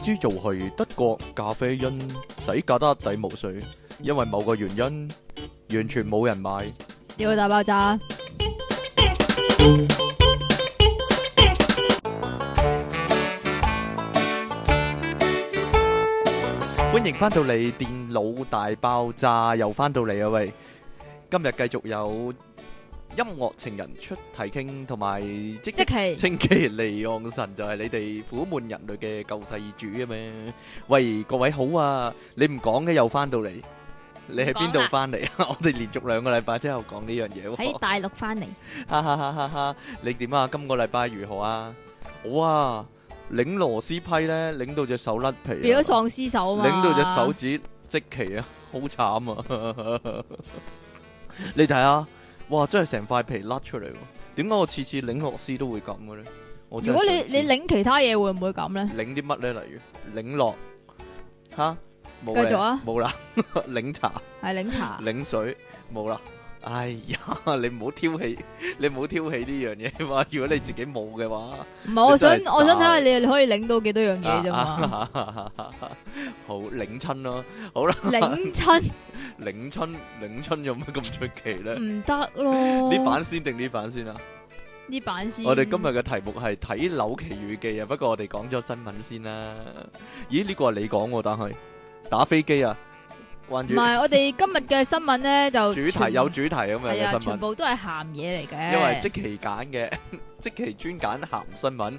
主要係德國咖啡因洗價得抵冇水，因為某個原因完全冇人買。要大爆炸！歡迎翻到嚟電腦大爆炸，又翻到嚟啊喂！今日繼續有。音樂情人出體 king，同埋即其積淇離岸神就係你哋苦悶人類嘅救世主嘅咩？喂，各位好啊！你唔講嘅又翻到嚟，你喺邊度翻嚟啊？我哋連續兩個禮拜都有講呢樣嘢喎。喺大陸翻嚟。哈哈哈哈哈哈！你點啊？今個禮拜如何啊？哇！擰螺絲批咧，擰到隻手甩皮。變咗喪屍手啊！擰到隻手指，即其啊，好慘啊！你睇下。哇！真係成塊皮甩出嚟喎，點解我次次擰螺絲都會咁嘅咧？我，如果你你擰其他嘢會唔會咁咧？擰啲乜咧？例如擰落？吓？冇繼續啊，冇啦沒了，擰茶係擰茶，擰水冇啦。哎呀，你唔好挑起，你唔好挑起呢樣嘢嘛，如果你自己冇嘅話，唔係，我想我想睇下你你可以領到幾多樣嘢啫嘛。好領親咯，好啦，領親，領親，領親有乜咁出奇咧？唔得咯，呢版先定呢版先啊？呢版先。我哋今日嘅題目係睇樓奇遇記啊，不過我哋講咗新聞先啦。咦，呢個係你講喎，但係打飛機啊？唔係，我哋今日嘅新聞咧就主題部有主題咁樣嘅新聞、啊，全部都係鹹嘢嚟嘅。因為即期揀嘅。 即期專揀鹹新聞。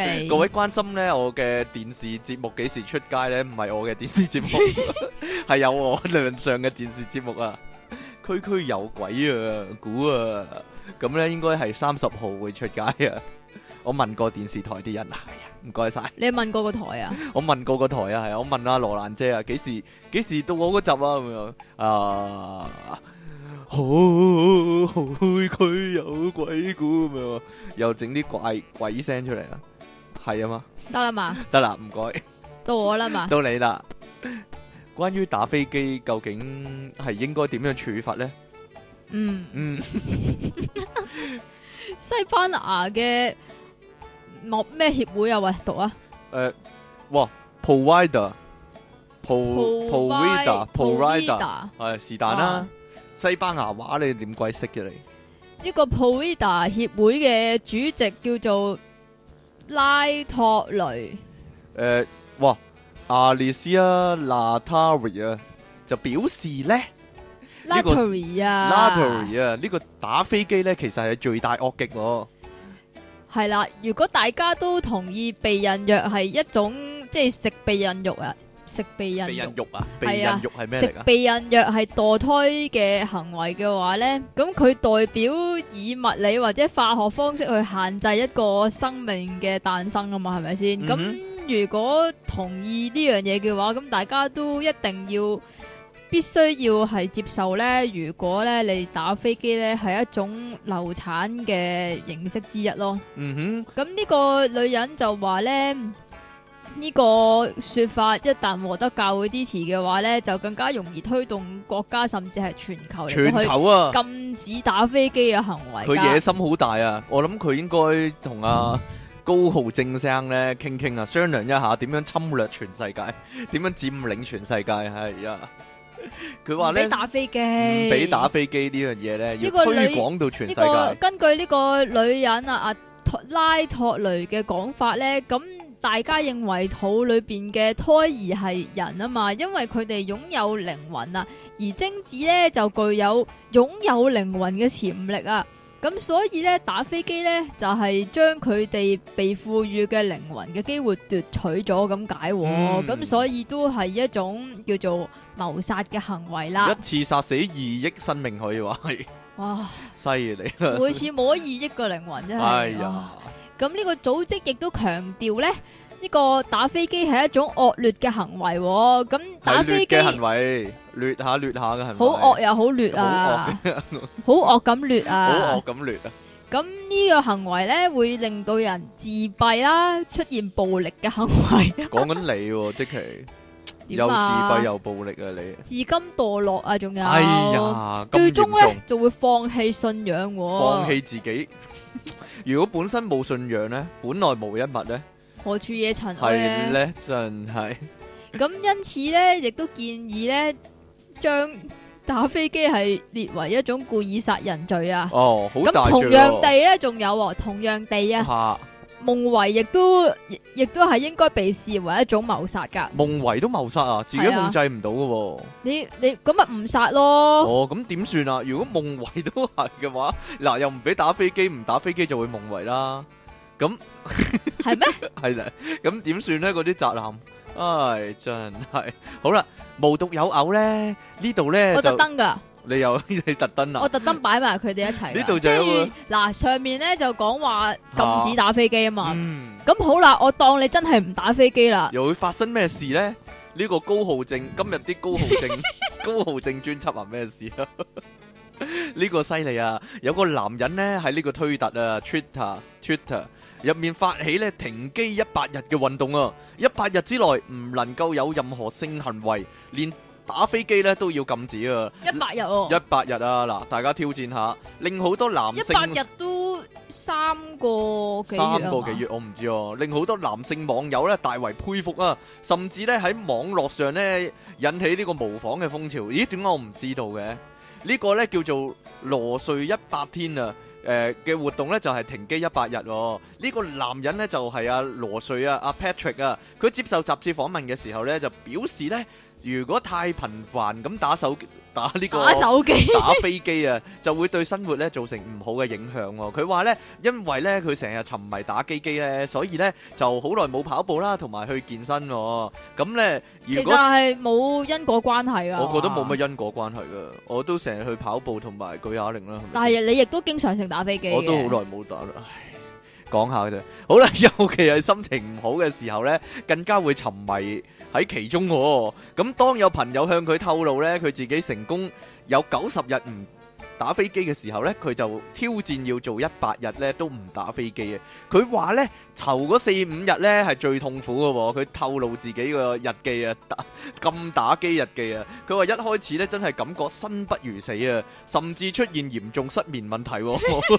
啊、各位關心咧， 我嘅電視節目幾時出街咧？唔係我嘅電視節目，係 有我論上嘅電視節目啊。 區區有鬼啊，估啊！咁咧應該係三十號會出街啊。 我問過電視台啲人啊，唔該晒。你問過個台啊？我問過個台啊，係啊，我問阿羅蘭姐啊，幾時幾時到我嗰集啊？咁樣啊，好好佢有鬼故咁樣，又整啲怪鬼聲出嚟啦，係啊嘛？得啦嘛？得啦，唔該。到我啦嘛？到你啦。關於打飛機，究竟係應該點樣處罰咧？嗯嗯，西班牙嘅。莫咩協會啊？喂，讀啊！誒、呃，哇，provider，provider，provider，係是但啦。Ider, 啊、西班牙話你點鬼識嘅你？呢個 provider 協會嘅主席叫做拉托雷。誒、呃，哇，阿麗西亞拉塔利亞就表示咧，拉塔利亞，拉塔利亞，呢個打飛機咧，其實係最大惡極喎。係啦，如果大家都同意避孕藥係一種即係食避孕肉啊，食避孕,避孕、啊，避孕藥啊，避孕藥係咩嚟？食避孕藥係墮胎嘅行為嘅話呢，咁佢代表以物理或者化學方式去限制一個生命嘅誕生啊嘛，係咪先？咁、嗯、哼如果同意呢樣嘢嘅話，咁大家都一定要。必須要係接受呢。如果呢，你打飛機呢，係一種流產嘅形式之一咯。嗯哼，咁呢個女人就話呢，呢、這個說法一旦獲得教會支持嘅話呢，就更加容易推動國家甚至係全球去禁止打飛機嘅行為。佢、啊、野心好大啊！我諗佢應該同阿高浩正生呢傾傾啊，商量一下點樣侵略全世界，點樣佔領全世界係呀。佢話你打飛機，唔俾打飛機呢樣嘢咧，要推廣到全世界。根據呢個女人啊阿、啊、拉托雷嘅講法咧，咁大家認為肚裏邊嘅胎兒係人啊嘛，因為佢哋擁有靈魂啊，而精子咧就具有擁有靈魂嘅潛力啊。咁所以咧，打飛機咧就係、是、將佢哋被賦予嘅靈魂嘅機會奪取咗、哦，咁解喎。咁所以都係一種叫做謀殺嘅行為啦。一次殺死二億生命可以話係 哇，犀利！每次冇二億個靈魂啫、就是。哎呀，咁呢、啊、個組織亦都強調咧，呢、這個打飛機係一種惡劣嘅行、哦、行為。咁打飛機行為。劣下劣下嘅係咪？好惡又好劣啊！好惡咁劣啊！好惡咁劣啊！咁呢個行為咧，會令到人自閉啦，出現暴力嘅行為。講緊你，即係又自閉又暴力啊！你自甘墮落啊，仲有！哎呀，最終咧就會放棄信仰，放棄自己。如果本身冇信仰咧，本來無一物咧，何處惹塵埃咧？真係。咁因此咧，亦都建議咧。將打飛機係列為一種故意殺人罪啊！哦，好大罪。咁同樣地咧，仲有同樣地啊，夢遺亦都亦亦都係應該被視為一種謀殺噶。夢遺都謀殺啊，自己控制唔到噶。你你咁咪誤殺咯？哦，咁點算啊？如果夢遺都係嘅話，嗱，又唔俾打飛機，唔打飛機就會夢遺啦。咁係咩？係啦，咁點算咧？嗰啲宅男，唉，真係好啦，無獨有偶咧，呢度咧，我特登噶，你又你特登啊？我特登擺埋佢哋一齊。呢度就嗱上面咧就講話禁止打飛機啊嘛。嗯，咁好啦，我當你真係唔打飛機啦，又會發生咩事咧？呢個高浩正今日啲高浩正高浩正專輯話咩事？呢個犀利啊！有個男人咧喺呢個推特啊，Twitter Twitter。入面發起咧停機一百日嘅運動啊！一百日之內唔能夠有任何性行為，連打飛機咧都要禁止啊！一百日哦！一百日啊！嗱，大家挑戰下，令好多男性一百日都三個幾月，三個幾月我唔知哦。令好多男性網友咧大為佩服啊，甚至咧喺網絡上咧引起呢個模仿嘅風潮。咦？點解我唔知道嘅？呢個咧叫做羅睡一百天啊！誒嘅、呃、活動呢就係、是、停機一百日喎、哦，呢、這個男人呢就係、是、阿、啊、羅瑞啊，阿、啊、Patrick 啊，佢接受雜誌訪問嘅時候呢就表示呢。」如果太頻繁咁打手機打呢、呢個打手機 打飛機啊，就會對生活咧造成唔好嘅影響喎、啊。佢話咧，因為咧佢成日沉迷打機機咧，所以咧就好耐冇跑步啦，同埋去健身、啊。咁咧，如果其實係冇因果關係㗎。我覺得冇乜因果關係㗎。我都成日去跑步同埋舉啞鈴啦。係咪？但係你亦都經常性打飛機，我都好耐冇打啦。講下嘅啫，好啦，尤其係心情唔好嘅時候呢，更加會沉迷喺其中、哦。咁、嗯、當有朋友向佢透露呢，佢自己成功有九十日唔。打飛機嘅時候呢，佢就挑戰要做一百日呢都唔打飛機啊！佢話呢，頭嗰四五日呢係最痛苦嘅喎、哦。佢透露自己個日記啊，咁打，禁打機日記啊。佢話一開始呢，真係感覺生不如死啊，甚至出現嚴重失眠問題、哦，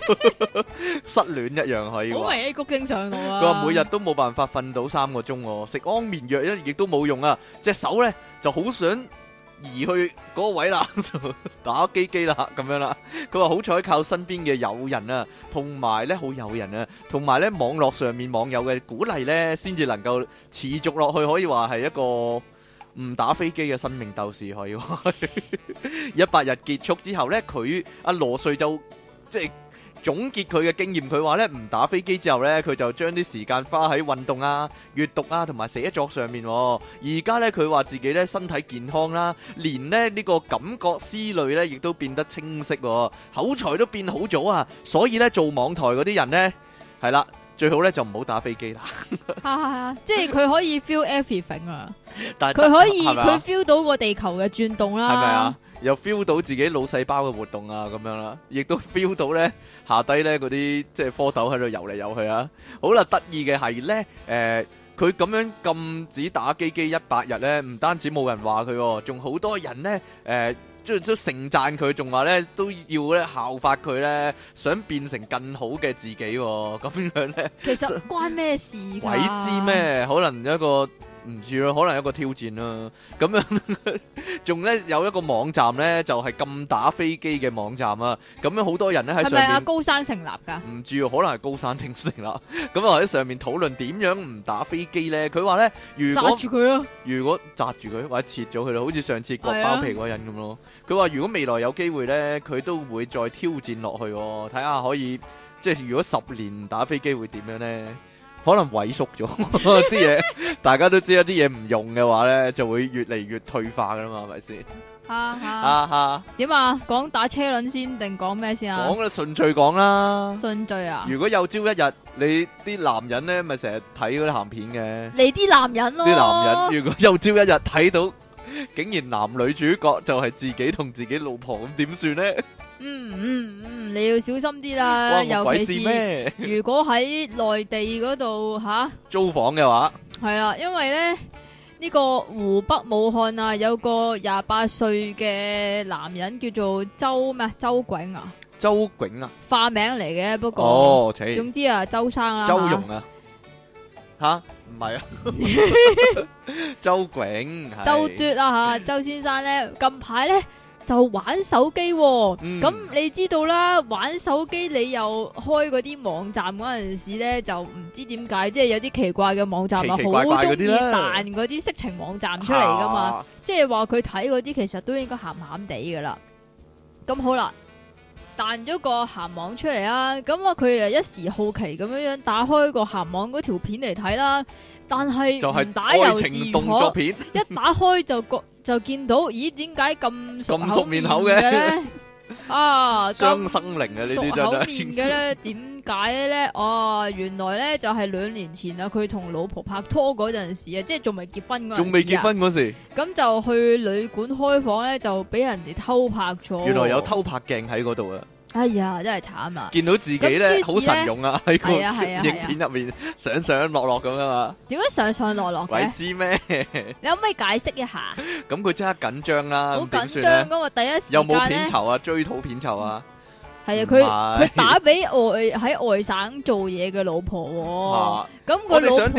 失戀一樣係、啊。可以好為喺谷應上。佢話每日都冇辦法瞓到三個鐘、哦，食安眠藥亦都冇用啊！隻手呢就好想。移去嗰個位啦，就打機機啦，咁樣啦。佢話好彩靠身邊嘅友人啊，同埋咧好友人啊，同埋咧網絡上面網友嘅鼓勵咧，先至能夠持續落去，可以話係一個唔打飛機嘅生命鬥士可以。一百日結束之後咧，佢阿羅瑞就即係。總結佢嘅經驗，佢話咧唔打飛機之後咧，佢就將啲時間花喺運動啊、閱讀啊同埋寫作上面、哦。而家咧佢話自己咧身體健康啦，連咧呢、這個感覺思慮咧亦都變得清晰、哦，口才都變好咗啊！所以咧做網台嗰啲人咧係啦，最好咧就唔好打飛機啦、 啊。即係佢可以 feel everything 啊，但佢可以佢 feel 到個地球嘅轉動啦。係咪啊？又 feel 到自己腦細胞嘅活動啊，咁樣啦，亦都 feel 到咧下低咧嗰啲即係蝌蚪喺度游嚟游去啊。好啦，得意嘅係咧，誒佢咁樣禁止打機機一百日咧，唔單止冇人話佢、哦，仲好多人咧誒即係都盛讚佢，仲話咧都要咧效法佢咧，想變成更好嘅自己咁、哦、樣咧。其實關咩事、啊？ 鬼知咩？可能有一個。唔知咯，可能一個挑戰啦、啊。咁樣仲咧 有一個網站咧，就係、是、禁打飛機嘅網站啊。咁樣好多人咧喺上面啊？高山成立噶？唔知可能係高山聽成立。咁啊喺上面討論點樣唔打飛機咧？佢話咧，如果砸住佢咯，如果砸住佢或者切咗佢，好似上次割包皮嗰人咁咯。佢話、啊、如果未來有機會咧，佢都會再挑戰落去、哦，睇下可以即係如果十年唔打飛機會點樣咧？可能萎縮咗啲嘢，大家都知有啲嘢唔用嘅話咧，就會越嚟越退化噶啦嘛，係咪先？啊，啊哈啊哈，點啊？講打車輪先定講咩先啊？講啦，順序講啦。順序啊？如果有朝一日你啲男人咧，咪成日睇嗰啲鹹片嘅？你啲男人咯。啲男人，如果有朝一日睇到。 竟然男女主角就係自己同自己老婆咁點算呢？嗯嗯嗯，你要小心啲啦，尤其是如果喺內地嗰度吓租房嘅話，係啦，因為咧呢、呢個湖北武漢啊有個廿八歲嘅男人叫做周咩周炯啊，周炯啊化名嚟嘅，不過哦，oh, okay. 總之啊周生啊，周融啊。吓，唔係啊 周，周迥，周奪啊吓，周先生咧近排咧就玩手機，哦，咁、嗯、你知道啦，玩手機你又開嗰啲網站嗰陣時咧就唔知點解，即係有啲奇怪嘅網站咪好中意彈嗰啲色情網站出嚟噶嘛，啊、即係話佢睇嗰啲其實都應該鹹鹹地噶啦，咁好啦。彈咗個咸網出嚟啊！咁啊，佢啊一時好奇咁樣樣打開個咸網條片嚟睇啦，但係就唔打愛情動作片， 一打開就覺就見到，咦？點解咁熟熟口面嘅咧？啊！傷生靈嘅、啊、呢熟口面嘅咧點。 解咧，哦，原來咧就係兩年前啊，佢同老婆拍拖嗰陣時啊，即係仲未結婚嗰陣，仲未結婚嗰時，咁就去旅館開房咧，就俾人哋偷拍咗。原來有偷拍鏡喺嗰度啊！哎呀，真係慘啊！見到自己咧好神勇啊，喺個影片入面上上落落咁啊嘛？點樣上上落落？鬼知咩？你可唔可以解釋一下？咁佢即刻緊張啦，好緊張嗰個第一時間，有冇片酬啊？追討片酬啊？係、哦、啊，佢佢打俾外喺外省做嘢嘅老婆，咁個老婆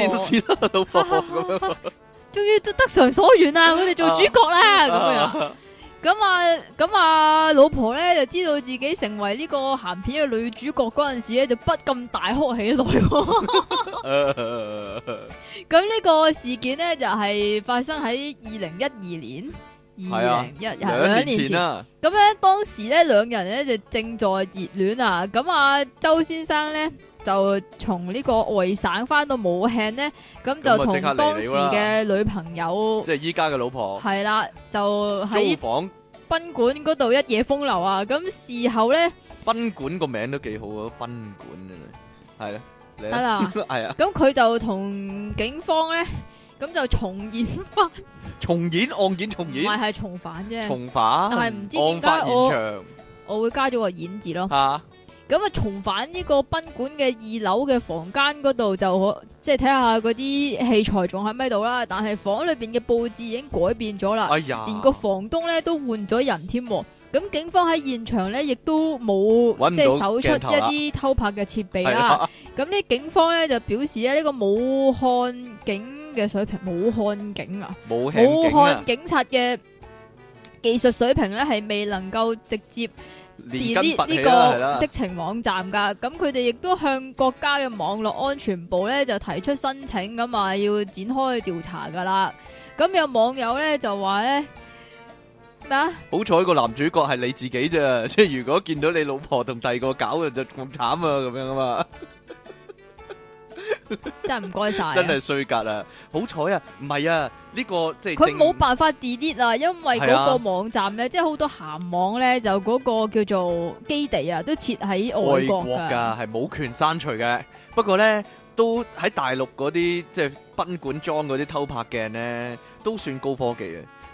終於都得償所願啊。佢、啊、哋、啊、做主角啦，咁、啊、樣咁啊咁啊、嗯嗯嗯嗯，老婆咧就知道自己成為呢個鹹片嘅女主角嗰陣時咧，就不禁大哭起來。咁呢個事件咧就係、是、發生喺二零一二年。二零一一兩年前啦，咁咧當時咧，兩人咧就正在熱戀啊。咁阿周先生咧就從呢個外省翻到武漢咧，咁就同當時嘅女朋友，即係依家嘅老婆，係啦，就喺房賓館嗰度一夜風流啊。咁事後咧，賓館個名都幾好啊，賓館嘅，係啦，得啦，係啊。咁佢就同警方咧。咁就重演翻 ，重演、案件重演，唔係係重返啫。重返，但係唔知點解我我會加咗個演字咯。吓，咁啊，重返呢個賓館嘅二樓嘅房間嗰度就可即係睇下嗰啲器材仲喺咩度啦。但係房裏邊嘅佈置已經改變咗啦。哎呀，連個房東咧都換咗人添。咁警方喺現場咧亦都冇即係搜出一啲偷拍嘅設備啦，啊。咁呢，警方咧就表示咧呢個武漢警。嘅水平，武漢警啊，武漢警察嘅技術水平咧，係未能夠直接連根拔起呢個色情網站噶，咁佢哋亦都向國家嘅網絡安全部咧就提出申請，咁啊要展開調查噶啦。咁有網友咧就話咧咩啊？好彩個男主角係你自己啫，即係如果見到你老婆同第二個搞嘅就咁慘啊，咁樣啊嘛。 真係唔該晒，真係衰格啦！好彩啊，唔係啊，呢、這個即係佢冇辦法 delete 啊，因為嗰個網站咧，啊、即係好多鹹網咧，就嗰個叫做基地啊，都設喺外國噶，係冇權刪除嘅。不過咧，都喺大陸嗰啲即係賓館裝嗰啲偷拍鏡咧，都算高科技嘅。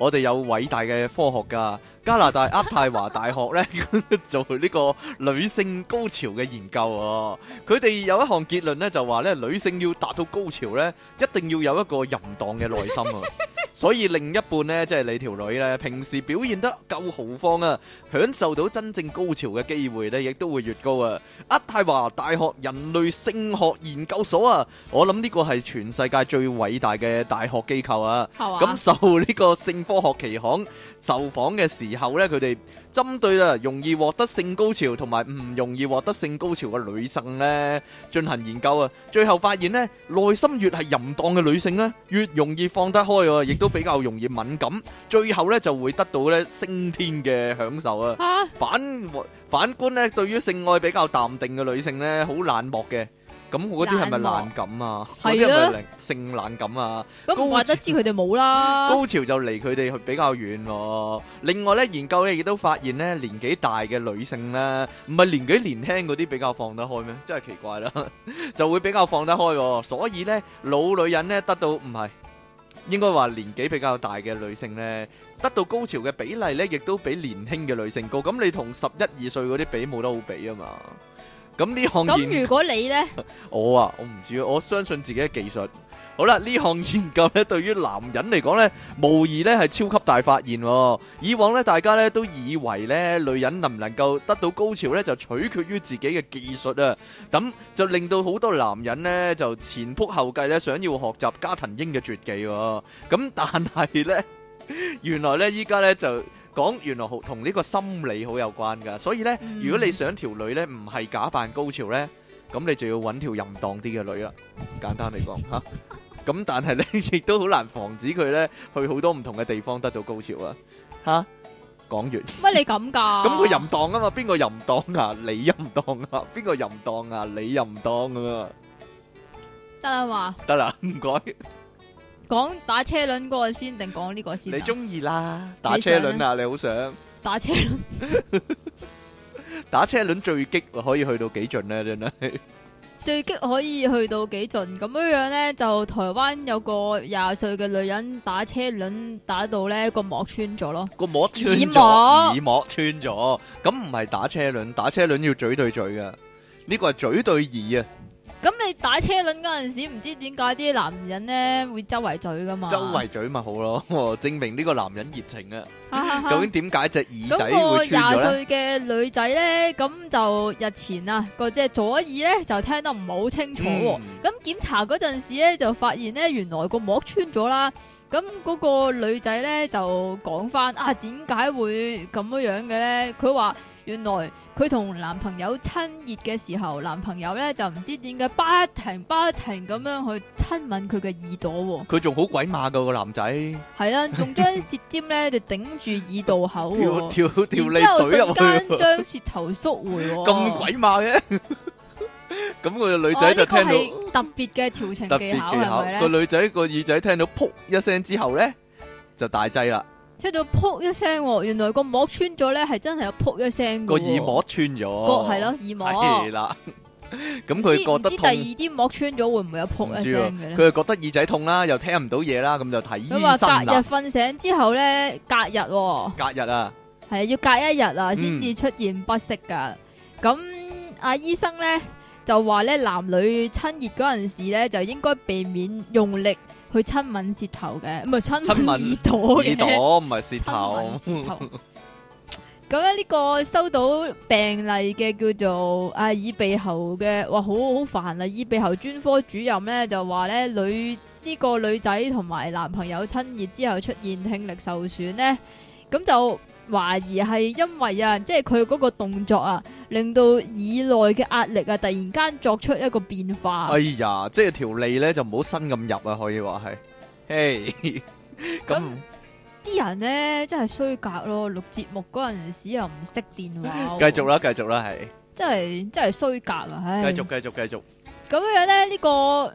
我哋有偉大嘅科學家，加拿大阿泰華大學咧 做呢個女性高潮嘅研究，啊，佢哋有一項結論咧就話咧，女性要達到高潮咧，一定要有一個淫蕩嘅內心啊， 所以另一半咧即係你條女咧平時表現得夠豪放啊，享受到真正高潮嘅機會咧亦都會越高啊！阿太華大學人類性學研究所啊，我諗呢個係全世界最偉大嘅大學機構啊，咁，啊嗯、受呢個性。科學期刊受訪嘅時候呢，佢哋針對啊容易獲得性高潮同埋唔容易獲得性高潮嘅女性呢進行研究啊，最後發現呢內心越係淫蕩嘅女性呢越容易放得開，亦都比較容易敏感，最後呢就會得到呢升天嘅享受啊！反反觀呢，對於性愛比較淡定嘅女性呢，好冷漠嘅。咁我嗰啲係咪冷感啊？嗰啲係咪性冷感啊？咁我都知佢哋冇啦。高潮就離佢哋比較遠咯、啊。另外咧，研究咧亦都發現咧，年紀大嘅女性咧，唔係年紀年輕嗰啲比較放得開咩？真係奇怪啦， 就會比較放得開、啊。所以咧，老女人咧得到唔係，應該話年紀比較大嘅女性咧，得到高潮嘅比例咧，亦都比年輕嘅女性高。咁你同十一二歲嗰啲比冇得好比啊嘛？咁呢項，咁如果你呢？ 我啊，我唔知啊，我相信自己嘅技術。好啦，呢項研究呢，對於男人嚟講呢，無疑呢係超級大發現、哦。以往呢，大家呢都以為呢女人能唔能夠得到高潮呢，就取決於自己嘅技術啊。咁就令到好多男人呢，就前仆後繼呢，想要學習加藤鷹嘅絕技、哦。咁但係呢，原來呢，依家呢，就。講原來好同呢個心理好有關噶，所以咧，如果你想條女咧唔係假扮高潮咧，咁你就要揾條淫蕩啲嘅女啦。簡單嚟講吓，咁但係咧亦都好難防止佢咧去好多唔同嘅地方得到高潮啊！吓，講完。乜你咁噶？咁佢淫蕩啊嘛，邊個淫蕩啊？你淫蕩啊？邊個淫蕩啊？你淫蕩噶嘛？得啦嘛？得啦，唔該。講打車輪嗰個先，定講呢個先？你中意啦，打車輪啊！你好想打車輪？打車輪最激可以去到幾盡咧？真係最激可以去到幾盡？咁樣樣咧，就台灣有個廿歲嘅女人打車輪打到咧個膜穿咗咯，個膜穿咗，耳膜穿咗。咁唔係打車輪，打車輪要嘴對嘴嘅，呢個係嘴對耳啊！咁你打車輪嗰陣時，唔知點解啲男人咧會周圍嘴噶嘛？周圍嘴咪好咯， 證明呢個男人熱情啊！ 究竟點解隻耳仔會穿咧？嗰個廿歲嘅女仔咧，咁就日前啊，個即左耳咧就聽得唔好清楚喎、啊。咁檢、嗯、查嗰陣時咧就發現咧，原來個膜穿咗啦。咁嗰個女仔咧就講翻啊，點解會咁樣嘅咧？佢話。原來佢同男朋友親熱嘅時候，男朋友咧就唔知點解不停不停咁樣去親吻佢嘅耳朵，佢仲好鬼馬噶個男仔，係啊，仲將舌尖咧就頂住耳道口， 跳跳之後瞬間將舌頭縮回，咁 鬼馬嘅，咁 個女仔就聽到特別嘅調情技巧，個女仔個耳仔聽到撲一聲之後咧就大劑啦。出到撲一聲，哦，原來個膜穿咗咧，哦，係真係有撲一聲。個耳膜穿咗，係咯耳膜。係啦 道，咁佢覺得第二啲膜穿咗會唔會有撲一聲嘅咧？佢係覺得耳仔痛啦，又聽唔到嘢啦，咁就睇醫生。佢話隔日瞓醒之後咧，隔日，哦，隔日啊，係啊，要隔一日啊，先至出現不適噶咁阿，嗯啊，醫生咧就話咧，男女親熱嗰陣時咧就應該避免用力。去親吻舌頭嘅，唔係親吻耳朵嘅，耳朵唔係舌頭。咁咧呢個收到病例嘅叫做啊耳鼻喉嘅，哇好好煩啊！耳鼻喉專科主任咧就話咧女呢個女仔同埋男朋友親熱之後出現聽力受損咧，咁就。懷疑係因為啊，即係佢嗰個動作啊，令到耳內嘅壓力啊，突然間作出一個變化。哎呀，即係條脷，咧就唔好伸咁入啊，可以話係。嘿，咁啲人咧真係衰格咯，錄節目嗰陣時又唔識電話。繼 續啦，繼續啦，係。真係真係衰格啊！唉，繼續，繼續，繼續。咁樣咧，呢個。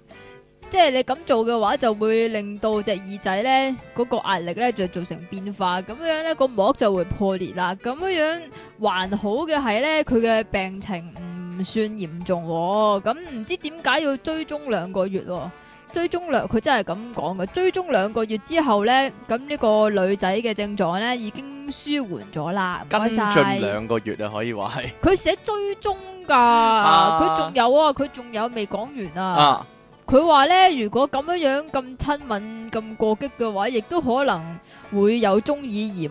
即係你咁做嘅話，就會令到隻耳仔咧嗰個壓力咧就做成變化，咁樣咧個膜就會破裂啦。咁樣還好嘅係咧，佢嘅病情唔算嚴重、哦，咁、嗯、唔知點解要追蹤兩個月、哦？追蹤兩，佢真係咁講嘅。追蹤兩個月之後咧，咁呢個女仔嘅症狀咧已經舒緩咗啦。跟進兩個月啊，可以話係。佢寫追蹤噶，佢仲、uh、有啊，佢仲有未講完啊。Uh 佢話咧，如果咁樣樣咁親吻咁過激嘅話，亦都可能會有中耳炎。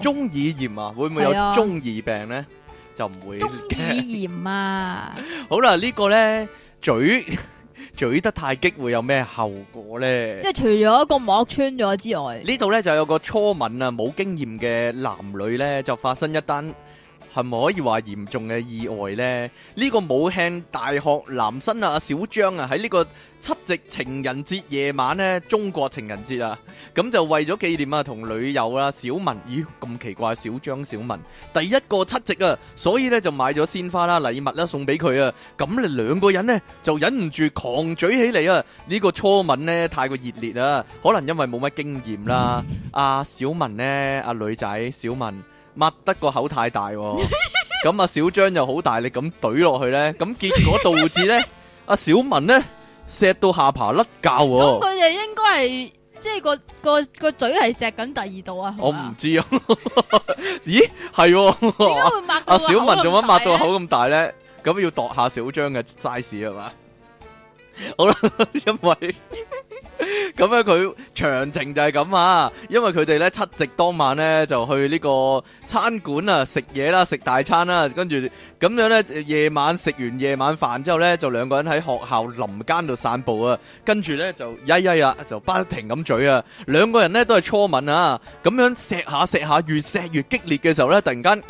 中耳炎啊，會唔會有中耳病咧？就唔會。中耳炎啊！好啦，呢個咧，嘴嘴得太激會有咩後果咧？即係除咗一個膜穿咗之外，呢度咧就有個初吻啊，冇經驗嘅男女咧就發生一單。係咪可以話嚴重嘅意外呢？呢、這個武漢大學男生啊，小張啊，喺呢個七夕情人節夜晚呢，中國情人節啊，咁就為咗紀念啊，同女友啊，小文，咦咁奇怪？小張、小文第一個七夕啊，所以呢，就買咗鮮花啦、禮物啦送俾佢啊。咁你兩個人呢，就忍唔住狂嘴起嚟啊！呢、這個初吻呢，太過熱烈啊，可能因為冇乜經驗啦。阿、 啊、小文呢，阿、啊、女仔小文。抹得個口太大，咁啊 小張就好大力咁懟落去咧，咁結果導致咧阿小文咧石到下巴甩臼。咁佢哋應該係即係個個個嘴係石緊第二度 啊？我唔知啊，咦係？阿小文做乜擘到口咁大咧？咁要度下小張嘅 size 係嘛？好啦， 因為。 咁咧，佢長 情就係咁啊，因為佢哋咧七夕當晚咧就去呢個餐館啊食嘢啦，食大餐啦，啊，跟住咁樣咧夜晚食完夜晚飯之後咧就兩個人喺學校林間度散步啊，跟住咧就依依啊，就不停咁嘴啊，兩個人咧都係初吻啊，咁樣錫下錫下，越錫越激烈嘅時候咧，突然間，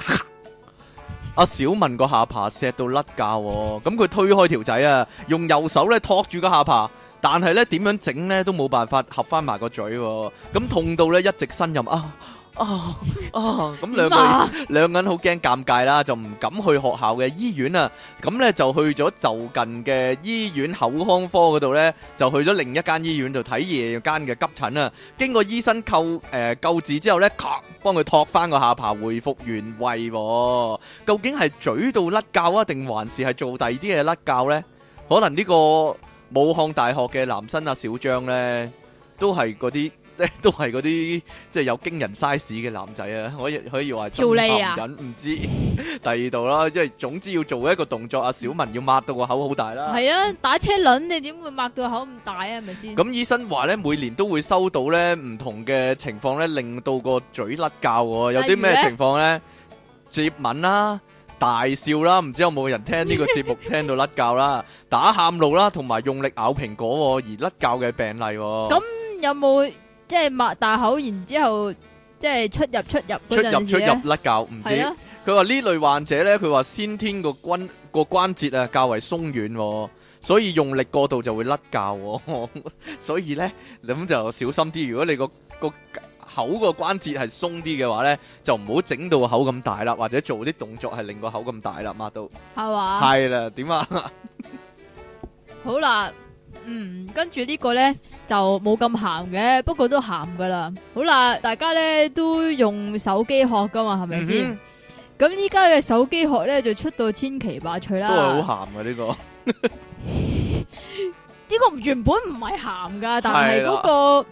阿小文個下巴錫到甩㗎，咁、嗯、佢、嗯、推開條仔啊，用右手咧托住個下巴。但係咧，點樣整咧都冇辦法合翻埋個嘴，咁、嗯、痛到咧一直呻吟啊啊啊！咁、啊啊嗯、兩個兩個人好驚尷尬啦，就唔敢去學校嘅醫院啊，咁、嗯、咧、嗯嗯、就去咗就近嘅醫院口腔科嗰度咧，就去咗另一間醫院度睇夜間嘅急診啊。經過醫生救誒救治之後咧，幫、呃、佢托翻個下巴回復原位，究竟係嘴到甩骹啊，定還是係做第二啲嘢甩骹咧？可能呢、這個。武漢大學嘅男生啊，小張咧，都係嗰啲，都係嗰啲，即係有驚人 size 嘅男仔啊！可以可以話做男人、啊，唔知 第二度啦，即係總之要做一個動作，啊。小文要抹到個口好大啦。係啊，打車輪你點會抹到個口咁大啊？係咪先？咁醫生話咧，每年都會收到咧唔同嘅情況咧，令到個嘴甩教，有啲咩情況咧？呢接吻啦、啊。大笑啦，唔知有冇人聽呢個節目聽到甩教啦， 打喊路啦，同埋用力咬蘋果、哦、而甩教嘅病例、哦。咁、嗯、有冇即係擘大口，然之後即係、就是、出入出入出入出入甩教，唔知佢話呢類患者呢，佢話先天關個關個關節啊較為鬆軟、哦，所以用力過度就會甩教、哦。 所以呢，咁就小心啲，如果你個、那個。那個口個關節係鬆啲嘅話咧，就唔好整到個口咁大啦，或者做啲動作係令個口咁大啦，馬到係嘛，係啦，點啊？好啦，嗯，跟住呢個咧就冇咁鹹嘅，不過都鹹噶啦。好啦，大家咧都用手機殼噶嘛，係咪先？咁依家嘅手機殼咧就出到千奇百趣啦，都係好鹹噶呢個，呢個原本唔係鹹噶，但係嗰個。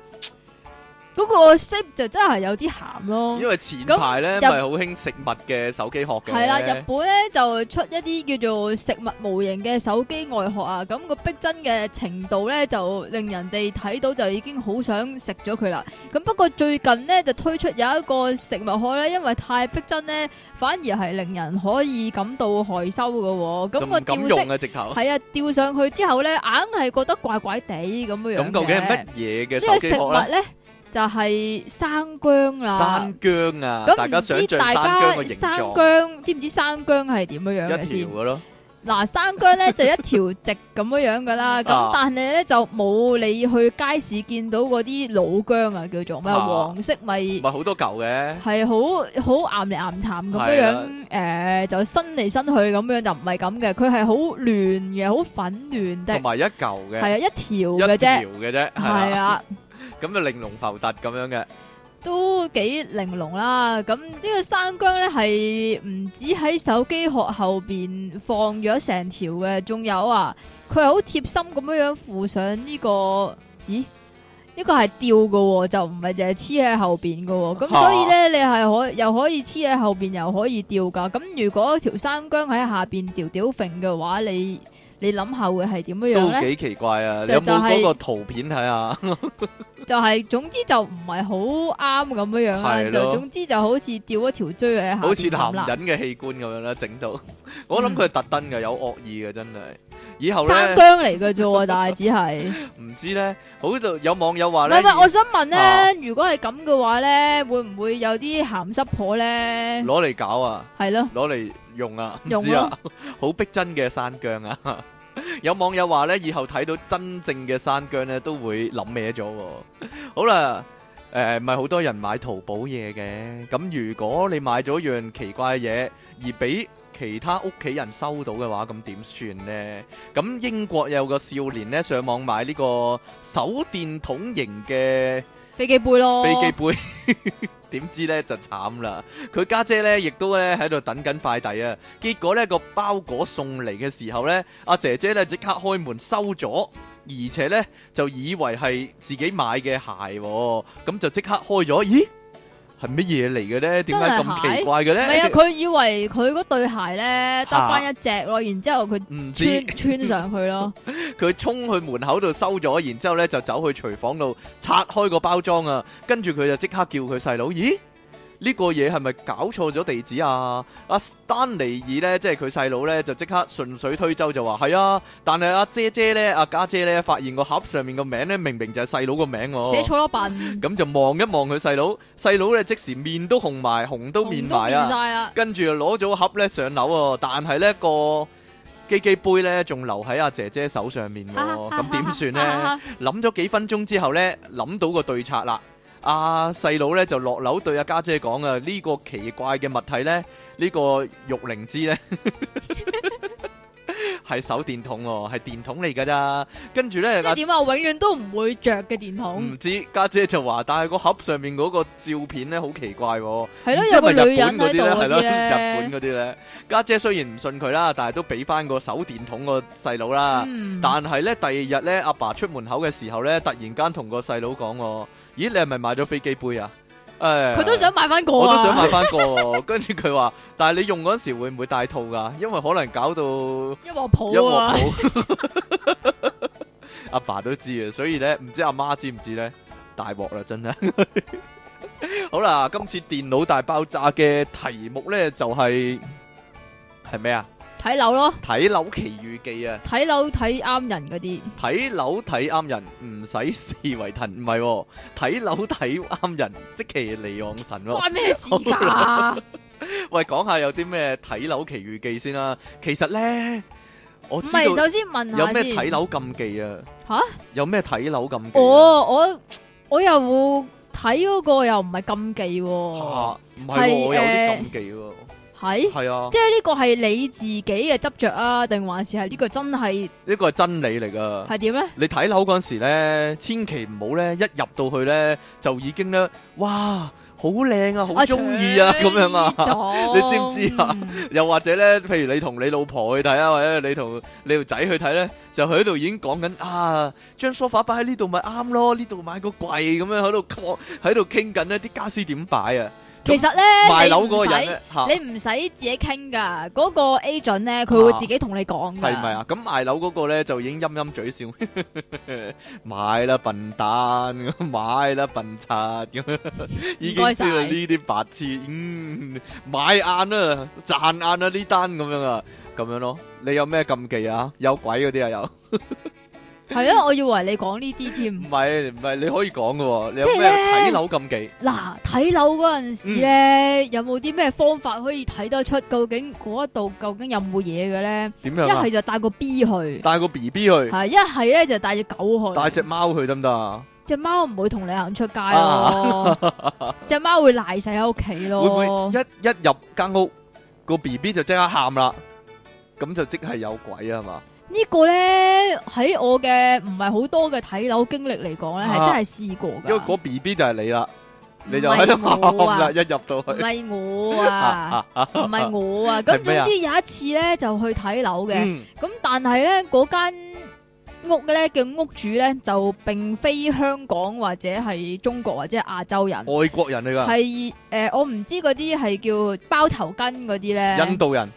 嗰個 set 就真係有啲鹹咯，因為前排咧咪好興食物嘅手機殼嘅，係啦，日本咧就出一啲叫做食物模型嘅手機外殼啊，咁個逼真嘅程度咧就令人哋睇到就已經好想食咗佢啦。咁不過最近呢就推出有一個食物殼咧，因為太逼真咧，反而係令人可以感到害羞嘅，啊。咁個吊飾係啊，啊，吊上去之後咧，硬係覺得怪怪地咁嘅樣嘅。咁究竟係乜嘢嘅手機殼咧？就係生薑啦，生薑啊！咁唔知大家生薑，知唔知生薑係點樣樣嘅先？一條嘅咯。嗱，生薑咧就一條直咁樣樣噶啦。咁但係咧就冇你去街市見到嗰啲老薑啊，叫做咩黃色咪，唔係好多嚿嘅，係好好巖嚟巖巉咁樣。誒，就伸嚟伸去咁樣就唔係咁嘅，佢係好嫩嘅，好粉嫩嘅，同埋一嚿嘅，係啊，一條嘅啫，係啊。咁就玲瓏浮凸咁樣嘅，都幾玲瓏啦。咁呢個山姜咧係唔止喺手機殼後邊放咗成條嘅，仲有啊，佢係好貼心咁樣樣附上呢個，咦？呢個係吊嘅，就唔係淨係黐喺後邊嘅。咁所以咧，你係可又可以黐喺後邊，又可以吊噶。咁如果一條山姜喺下邊吊吊揈嘅話，你。你諗下會係點樣樣咧？都幾奇怪啊！你有冇嗰個圖片睇下？就係總之就唔係好啱咁樣樣啦。就總之就好似吊一條錐喺下，好似男人嘅器官咁樣啦，整到我諗佢係特登嘅，有惡意嘅，真係以後生薑嚟嘅啫，但係只係唔知咧。好，度有網友話咧，唔係，我想問咧，如果係咁嘅話咧，會唔會有啲鹹濕婆咧？攞嚟搞啊！係咯，攞嚟。用啊，唔知啊，好逼真嘅山姜啊！有網友話呢，以後睇到真正嘅山姜呢，都會諗歪咗。好啦，誒，唔係好多人買淘寶嘢嘅，咁如果你買咗樣奇怪嘅嘢而俾其他屋企人收到嘅話，咁點算呢？咁英國有個少年呢，上網買呢個手電筒型嘅。飛機杯咯，飛機杯，點知呢就慘啦！佢家姐、姐呢亦都呢喺度等緊快遞啊！結果呢個包裹送嚟嘅時候呢，阿、啊、姐姐呢即刻開門收咗，而且呢就以為係自己買嘅鞋、哦，咁就即刻開咗。咦？係乜嘢嚟嘅咧？點解咁奇怪嘅咧？唔係啊，佢以為佢嗰對鞋咧得翻一隻咯，然之後佢唔穿穿上去咯。佢衝去門口度收咗，然之後咧就走去廚房度拆開個包裝啊！跟住佢就即刻叫佢細佬，咦？呢個嘢係咪搞錯咗地址啊？阿丹尼爾咧，即係佢細佬咧，就即刻順水推舟就話係啊。但係阿姐姐咧，阿家姐咧，發現個盒上面個名咧，明明就係細佬個名，寫錯咗笨。咁就望一望佢細佬，細佬咧即時面都紅埋，紅都面埋啦。跟住攞咗個盒咧上樓啊！但係咧個機機杯咧仲留喺阿姐姐手上面，咁點算咧？諗咗幾分鐘之後咧，諗到個對策啦。阿細佬咧就落樓對阿家姐講啊，弟弟呢啊姐姐，這個奇怪嘅物體咧，呢、這個玉靈芝咧，係 手電筒，哦，係電筒嚟噶咋？跟住咧，點啊，啊永遠都唔會着嘅電筒。唔知家姐，姐就話，但係個盒上面嗰個照片咧，好奇怪，哦，係咯的，是是有個女人嗰啲咧，係咯，日本嗰啲咧。家姐，姐雖然唔信佢啦，但係都俾翻個手電筒個細佬啦。嗯、但係咧，第二日咧，阿爸，爸出門口嘅時候咧，突然間同個細佬講喎。咦，你係咪買咗飛機杯啊？誒、哎，佢都想買翻個、啊，我都想買翻個。跟住佢話，但係你用嗰陣時會唔會戴套噶？因為可能搞到一鑊泡啊！阿爸都知啊，所以咧，唔知阿媽知唔知咧？大鑊啦，真係。 好啦，今次電腦大爆炸嘅題目咧，就係係咩啊？睇樓咯，睇樓奇遇記啊！睇樓睇啱人，嗰啲，睇樓睇啱人唔使四圍騰，唔係，睇樓睇啱人積淇離岸神咯、哦。關咩事噶？好吧 喂，講下有啲咩睇樓奇遇記先啦、啊。其實咧，我唔係首先問下先有咩睇樓禁忌啊？吓？有咩睇樓禁忌、啊我？我我我又睇嗰個又唔係禁忌喎、啊。吓、啊，唔係喎，我有啲禁忌喎。係，係啊，即 係樂呢個係你自己嘅執着啊，定還是係呢個真係？呢個係真理嚟噶，係點咧？你睇樓嗰陣時咧，千祈唔好咧，一入到去咧就已經咧，哇，好靚啊，好中意啊，咁樣啊，你知唔知啊？又或者咧，譬如你同你老婆去睇啊，或者你同你條仔去睇咧，就喺度已經講緊啊，張梳化擺喺呢度咪啱咯，呢度買個櫃咁樣喺度講，喺度傾緊咧，啲家私點擺啊？其實咧，賣樓嗰個人，你唔使自己傾噶，嗰個 agent 咧，佢、啊、會自己同你講噶。係咪啊？咁賣樓嗰個咧就已經陰陰嘴笑， 買啦笨蛋，買啦笨柒， 已經知道呢啲白痴，嗯，買硬啦，賺硬啦呢單咁樣啊，咁樣咯。你有咩禁忌啊？有鬼嗰啲啊有。 係啊，我以為你講呢啲添。唔係唔係，你可以講噶。你有咩睇樓禁忌？嗱，睇樓嗰陣時咧，嗯、有冇啲咩方法可以睇得出究竟嗰一度究竟有冇嘢嘅咧？點樣？一係就帶個 B 去，帶個 B B 去。係一係咧就帶隻狗去，帶隻貓去得唔得啊？隻貓唔會同你行出街咯，隻貓 會賴晒喺屋企咯。會唔會一一入間屋、個 B B 就，就即刻喊啦？咁就即係有鬼啊嘛！個呢個咧喺我嘅唔係好多嘅睇樓經歷嚟講咧，係、啊、真係試過因為個 B B 就係你啦，你就喺度鬧啦， 一入到去。唔係我啊，唔係 我啊，咁 總之有一次咧就去睇樓嘅，咁、嗯、但係咧嗰間屋嘅咧叫屋主咧就並非香港或者係中國或者係亞洲人，外國人嚟噶。係誒、呃，我唔知嗰啲係叫包頭巾嗰啲咧，印度人。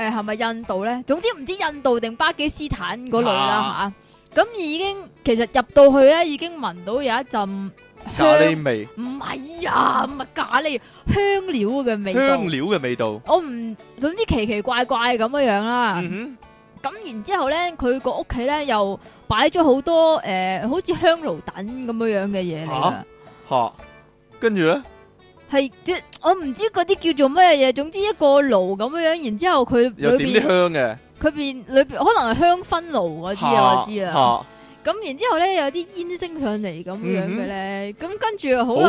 誒，係咪印度咧？總之唔知印度定巴基斯坦嗰類啦吓，咁已經其實入到去咧，已經聞到有一陣咖喱味。唔係啊，唔係咖喱香料嘅味道。香料嘅味道。我唔，總之奇奇怪怪咁樣樣啦。咁然之後咧，佢個屋企咧又擺咗好多誒，好似香爐等咁樣樣嘅嘢嚟啦。吓，跟住咧。係即我唔知嗰啲叫做咩嘢，總之一個爐咁樣樣，然之後佢裏邊香嘅，佢邊裏邊可能係香薰爐啲啊。我知啊，咁然之後咧有啲煙升上嚟咁樣嘅咧，咁、嗯、哼跟住好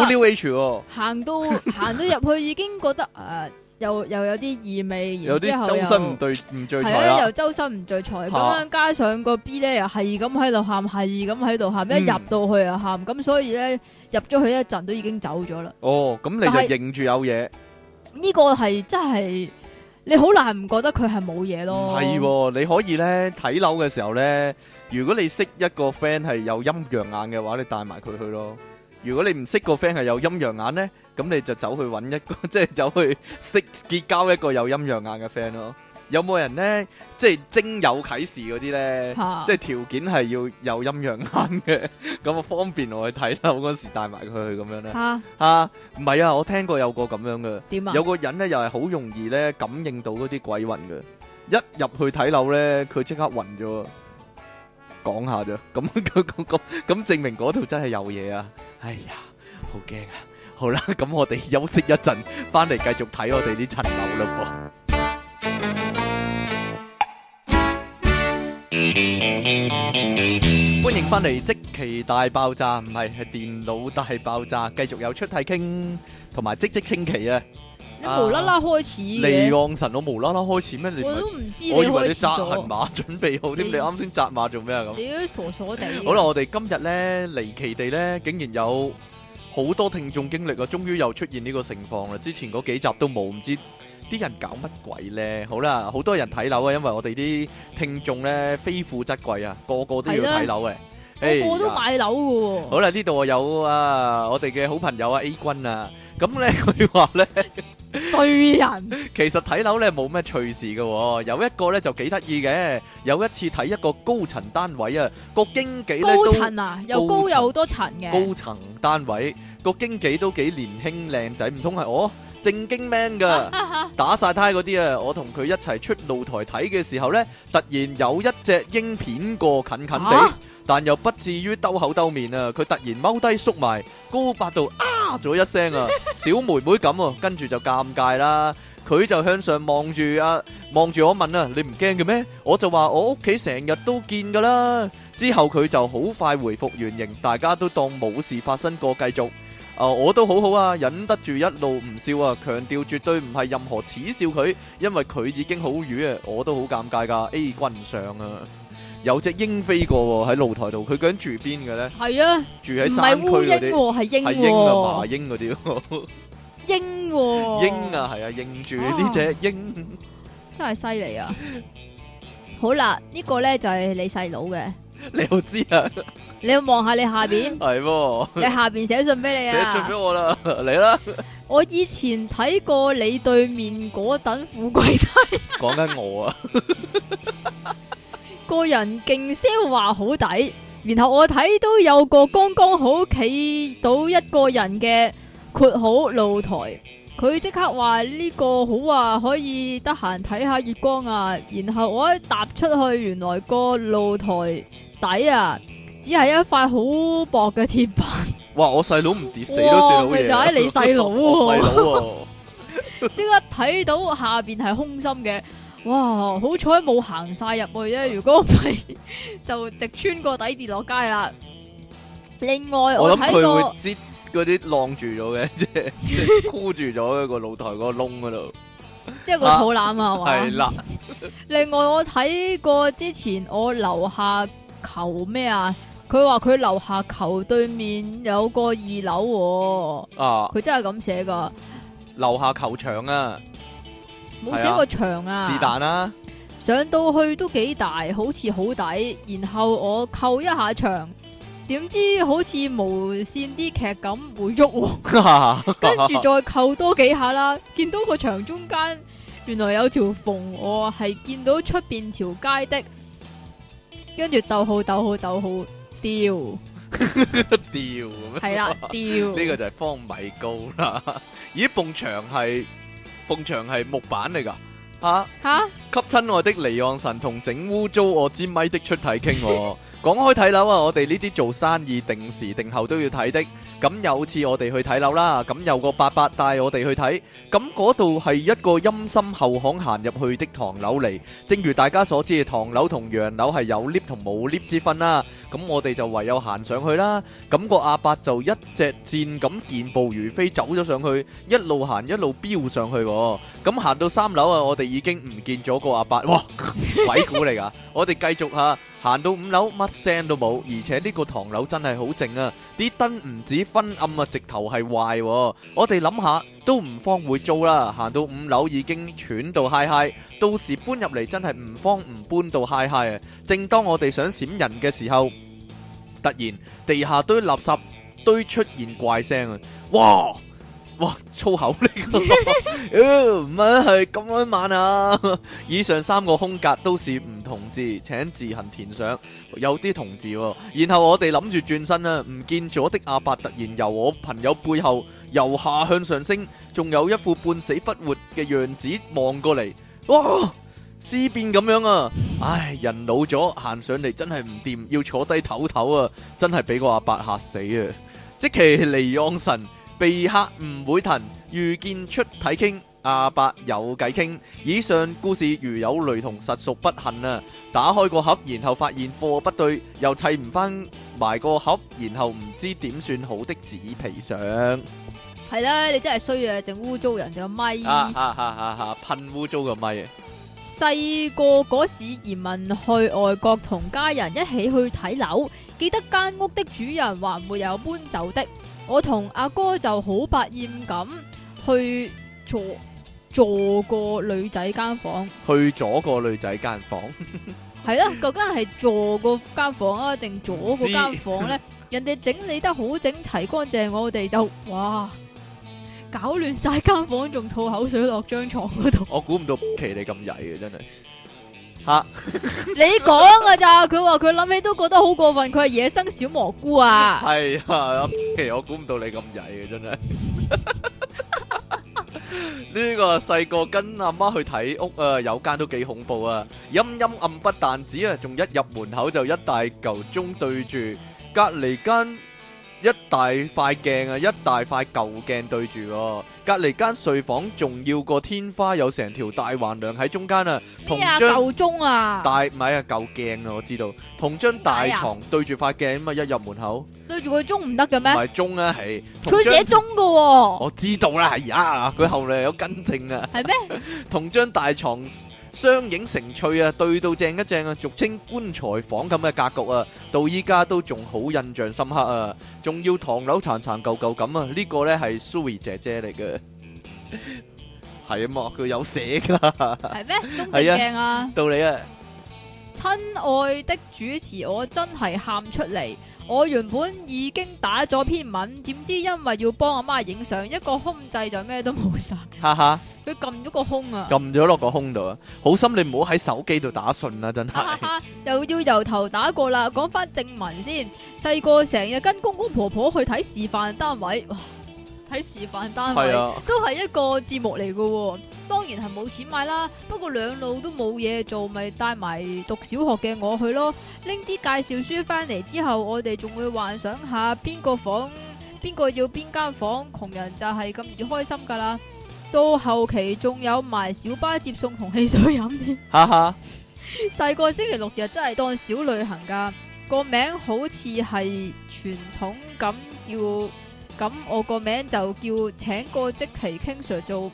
啦，行到行到入去已經覺得誒。 啊又又有啲異味，有啲周身唔又對唔聚財。係啊，又周身唔聚財。咁、啊、加上個 B 咧，又係咁喺度喊，係咁喺度喊。嗯、一入到去啊喊，咁所以咧入咗去一陣都已經走咗啦。哦，咁你，是你就認住有嘢？呢個係真係你好難唔覺得佢係冇嘢咯。唔係、啊，你可以咧睇樓嘅時候咧，如果你識一個 friend 係有陰陽眼嘅話，你帶埋佢去咯。如果你唔識個 friend 係有陰陽眼咧？咁你就走去揾一個，即係走去識結交一個有陰陽眼嘅 friend 咯。有冇人咧，即係精有啟示嗰啲咧？吓！即係條件係要有陰陽眼嘅，咁啊方便我去睇樓嗰時帶埋佢去咁樣咧。吓吓，唔係啊！我聽過有個咁樣嘅，有個人咧又係好容易咧感應到嗰啲鬼魂嘅。一入去睇樓咧，佢即刻暈咗。講下啫，咁佢佢佢，咁證明嗰度真係有嘢啊！哎呀，好驚啊！好啦，咁我哋休息一陣，翻嚟繼續睇我哋呢層樓咯。歡迎翻嚟《積奇大爆炸》，唔係，係電腦大爆炸，繼續有出體 king，同埋積奇清奇啊！你無啦啦開始？離岸神，我無啦啦開始咩？你我都唔知，我以為你紮馬準備好添，你啱先紮馬做咩啊？咁，你傻傻地。好啦，我哋今日咧離奇地咧，竟然有。好多聽眾經歷啊，終於又出現呢個情況啦！之前嗰幾集都冇，唔知啲人搞乜鬼呢。好啦，好多人睇樓啊，因為我哋啲聽眾呢非富則貴啊，個個都要睇樓嘅。個個都買樓嘅喎。好啦，呢度我有啊，我哋嘅好朋友啊 A 君啊。咁呢，佢話呢，衰人， 其實睇樓呢冇咩趣事嘅。哦，有一個呢就幾得意嘅。有一次睇一個高層單位啊，個經紀呢高層啊，又高，高有好多層嘅高層單位，個經紀都幾年輕靚仔，唔通係我正經 man 噶， 打晒胎嗰啲啊。我同佢一齊出露台睇嘅時候呢，突然有一隻鷹片過近近地。啊但又不至於兜口兜面啊！佢突然踎低縮埋，高八度啊咗一聲啊，小妹妹咁啊，跟住就尷尬啦。佢就向上望住啊，望住我問啊：你唔驚嘅咩？我就話，我屋企成日都見噶啦。之後佢就好快回復原形，大家都當冇事發生過繼續。啊、呃，我都好好啊，忍得住一路唔笑啊，強調絕對唔係任何恥笑佢，因為佢已經好瘀啊，我都好尷尬噶，A 君上啊。有隻鷹飛過喎，喺露台度，佢究竟住邊嘅咧？係啊，住喺山區嗰啲，唔係烏蠅，係鷹啊，麻鷹嗰啲，鷹，鷹啊，係啊，認住呢隻鷹，真係犀利啊！好啦，呢個咧就係你細佬嘅，你又知啊？你要望下你下邊，係你下邊寫信俾你啊？寫信俾我啦，你啦！我以前睇過你對面嗰等富貴妻，講緊我啊！個人勁先話好抵，然後我睇到有個剛剛好企到一個人嘅括號露台，佢即刻話呢個好啊，可以得閒睇下月光啊，然後我一踏出去，原來個露台底啊，只係一塊好薄嘅鐵板。哇！我細佬唔跌死都算好嘢。哇就喺你細佬、哦，即 弟、哦、 刻睇到下邊係空心嘅。哇！好彩冇行晒入去啫，如果唔係 就直穿個底跌落街啦。另外我睇想過，嗰啲晾住咗嘅，即係箍住咗一個露台嗰個窿嗰度。即係個肚腩啊？係嘛吧？係啦。 另外我睇過之前我樓下球咩啊？佢話佢樓下球對面有個二樓、哦。啊！佢真係咁寫噶。樓下球場啊！冇寫過牆啊！是但啦，上到去都幾大，好似好抵。然後我扣一下牆，點知好似無綫啲劇咁會喐、啊， 跟住再扣多幾下啦，見到個牆中間原來有條縫，我係見到出邊條街的，跟住逗號逗號逗號，屌屌係啦屌，呢、這個就係方米高啦， 咦，埲牆係？拱牆係木板嚟㗎，嚇、啊、嚇，給親愛的離岸神同整污糟我支咪的出體傾我、哦。 講開睇樓啊，我哋呢啲做生意定時定候都要睇的。咁有次我哋去睇樓啦，咁有個伯伯帶我哋去睇，咁嗰度係一個陰森後巷行入去的唐樓嚟。正如大家所知，唐樓同洋樓係有 lift 同冇 lift 之分啦。咁我哋就唯有行上去啦。咁個阿伯就一隻箭咁健步如飛走咗上去，一路行一路飆上去。咁行到三樓啊，我哋已經唔見咗個阿伯。哇，鬼故嚟噶！我哋繼續吓。行到五樓乜聲都冇，而且呢個唐樓真係好靜啊！啲燈唔止昏暗啊，直頭係壞。我哋諗下都唔慌會租啦。行到五樓已經喘到嗨嗨，到時搬入嚟真係唔慌唔搬到嗨嗨啊！正當我哋想閃人嘅時候，突然地下堆垃圾堆出現怪聲啊！哇！哇，粗口嚟嘅，唔係咁樣猛啊！ 以上三個空格都是唔同字，請自行填上。有啲同字、啊。然後我哋諗住轉身啦、啊，唔見咗的阿伯突然由我朋友背後由下向上升，仲有一副半死不活嘅樣子望過嚟。哇，屍變咁樣啊！唉，人老咗行上嚟真係唔掂，要坐低唞唞啊！真係俾個阿伯嚇死啊！積淇離岸神。被嚇唔會騰，遇見出體傾，阿伯有偈傾。以上故事如有雷同，實屬不幸啊！打開個盒，然後發現貨不對，又砌唔翻埋個盒，然後唔知點算好的紙皮上。係啦，你真係衰啊！整污糟人哋個咪，噴污糟個咪。細個嗰時移民去外國，同家人一起去睇樓，記得間屋的主人還沒有搬走的。我同阿哥就好百厭咁去坐坐個女仔間房，去咗個女仔間房，係咯？究竟係坐個間房啊，定咗個間房咧？人哋整理得好整齊乾淨，我哋就哇，搞亂晒間房，仲吐口水落張床嗰度。我估唔到佢哋咁曳嘅，真係。吓，你講噶咋？佢話佢諗起都覺得好過分，佢係野生小蘑菇啊！係啊，其實我估唔到你咁曳嘅真係。呢個細個跟阿媽去睇屋啊，有間都幾恐怖啊，陰陰暗不但止啊，仲一入門口就一大嚿鐘對住隔籬間。一大塊鏡啊，一大塊舊鏡對住喎，隔籬間睡房仲要個天花有成條大橫梁喺中間啊，同張舊鐘啊，大唔係啊舊鏡啊，我知道，同張大床對住塊鏡咁啊，一入門口，對住個鐘唔得嘅咩？唔係鐘啊，係，佢寫鐘㗎喎，我知道啦，係呀，佢後嚟有更正啊，係咩？同張大床。雙影成趣啊，對到正一正啊，俗稱棺材房咁嘅格局啊，到依家都仲好印象深刻啊，仲要唐樓殘，殘殘舊舊咁啊，這個、呢個呢係蘇芮姐姐嚟嘅，係 啊嘛，佢有寫噶，係 咩？中點正啊，啊，到你啦，親愛的主持，我真係喊出嚟。我原本已經打咗篇文，點知因為要幫阿媽影相，一個空掣就咩都冇晒。哈哈，佢撳咗個空啊，撳咗落個空度啊，好心你唔好喺手機度打信啦，真係。哈哈，又要由頭打過啦。講翻正文先，細個成日跟公公婆婆婆去睇示範單位，睇 示範單位啊，都係一個節目嚟噶。當然係冇錢買啦，不過兩路都冇嘢做，咪帶埋讀小學嘅我去咯。拎啲介紹書翻嚟之後，我哋仲會幻想下邊個房，邊個要邊間房，窮人就係咁易開心噶啦。到後期仲有埋小巴接送同汽水飲添。哈哈，細個星期六日真係當小旅行噶，個名好似係傳統咁叫，咁我個名就叫請個即期 King Sir 做。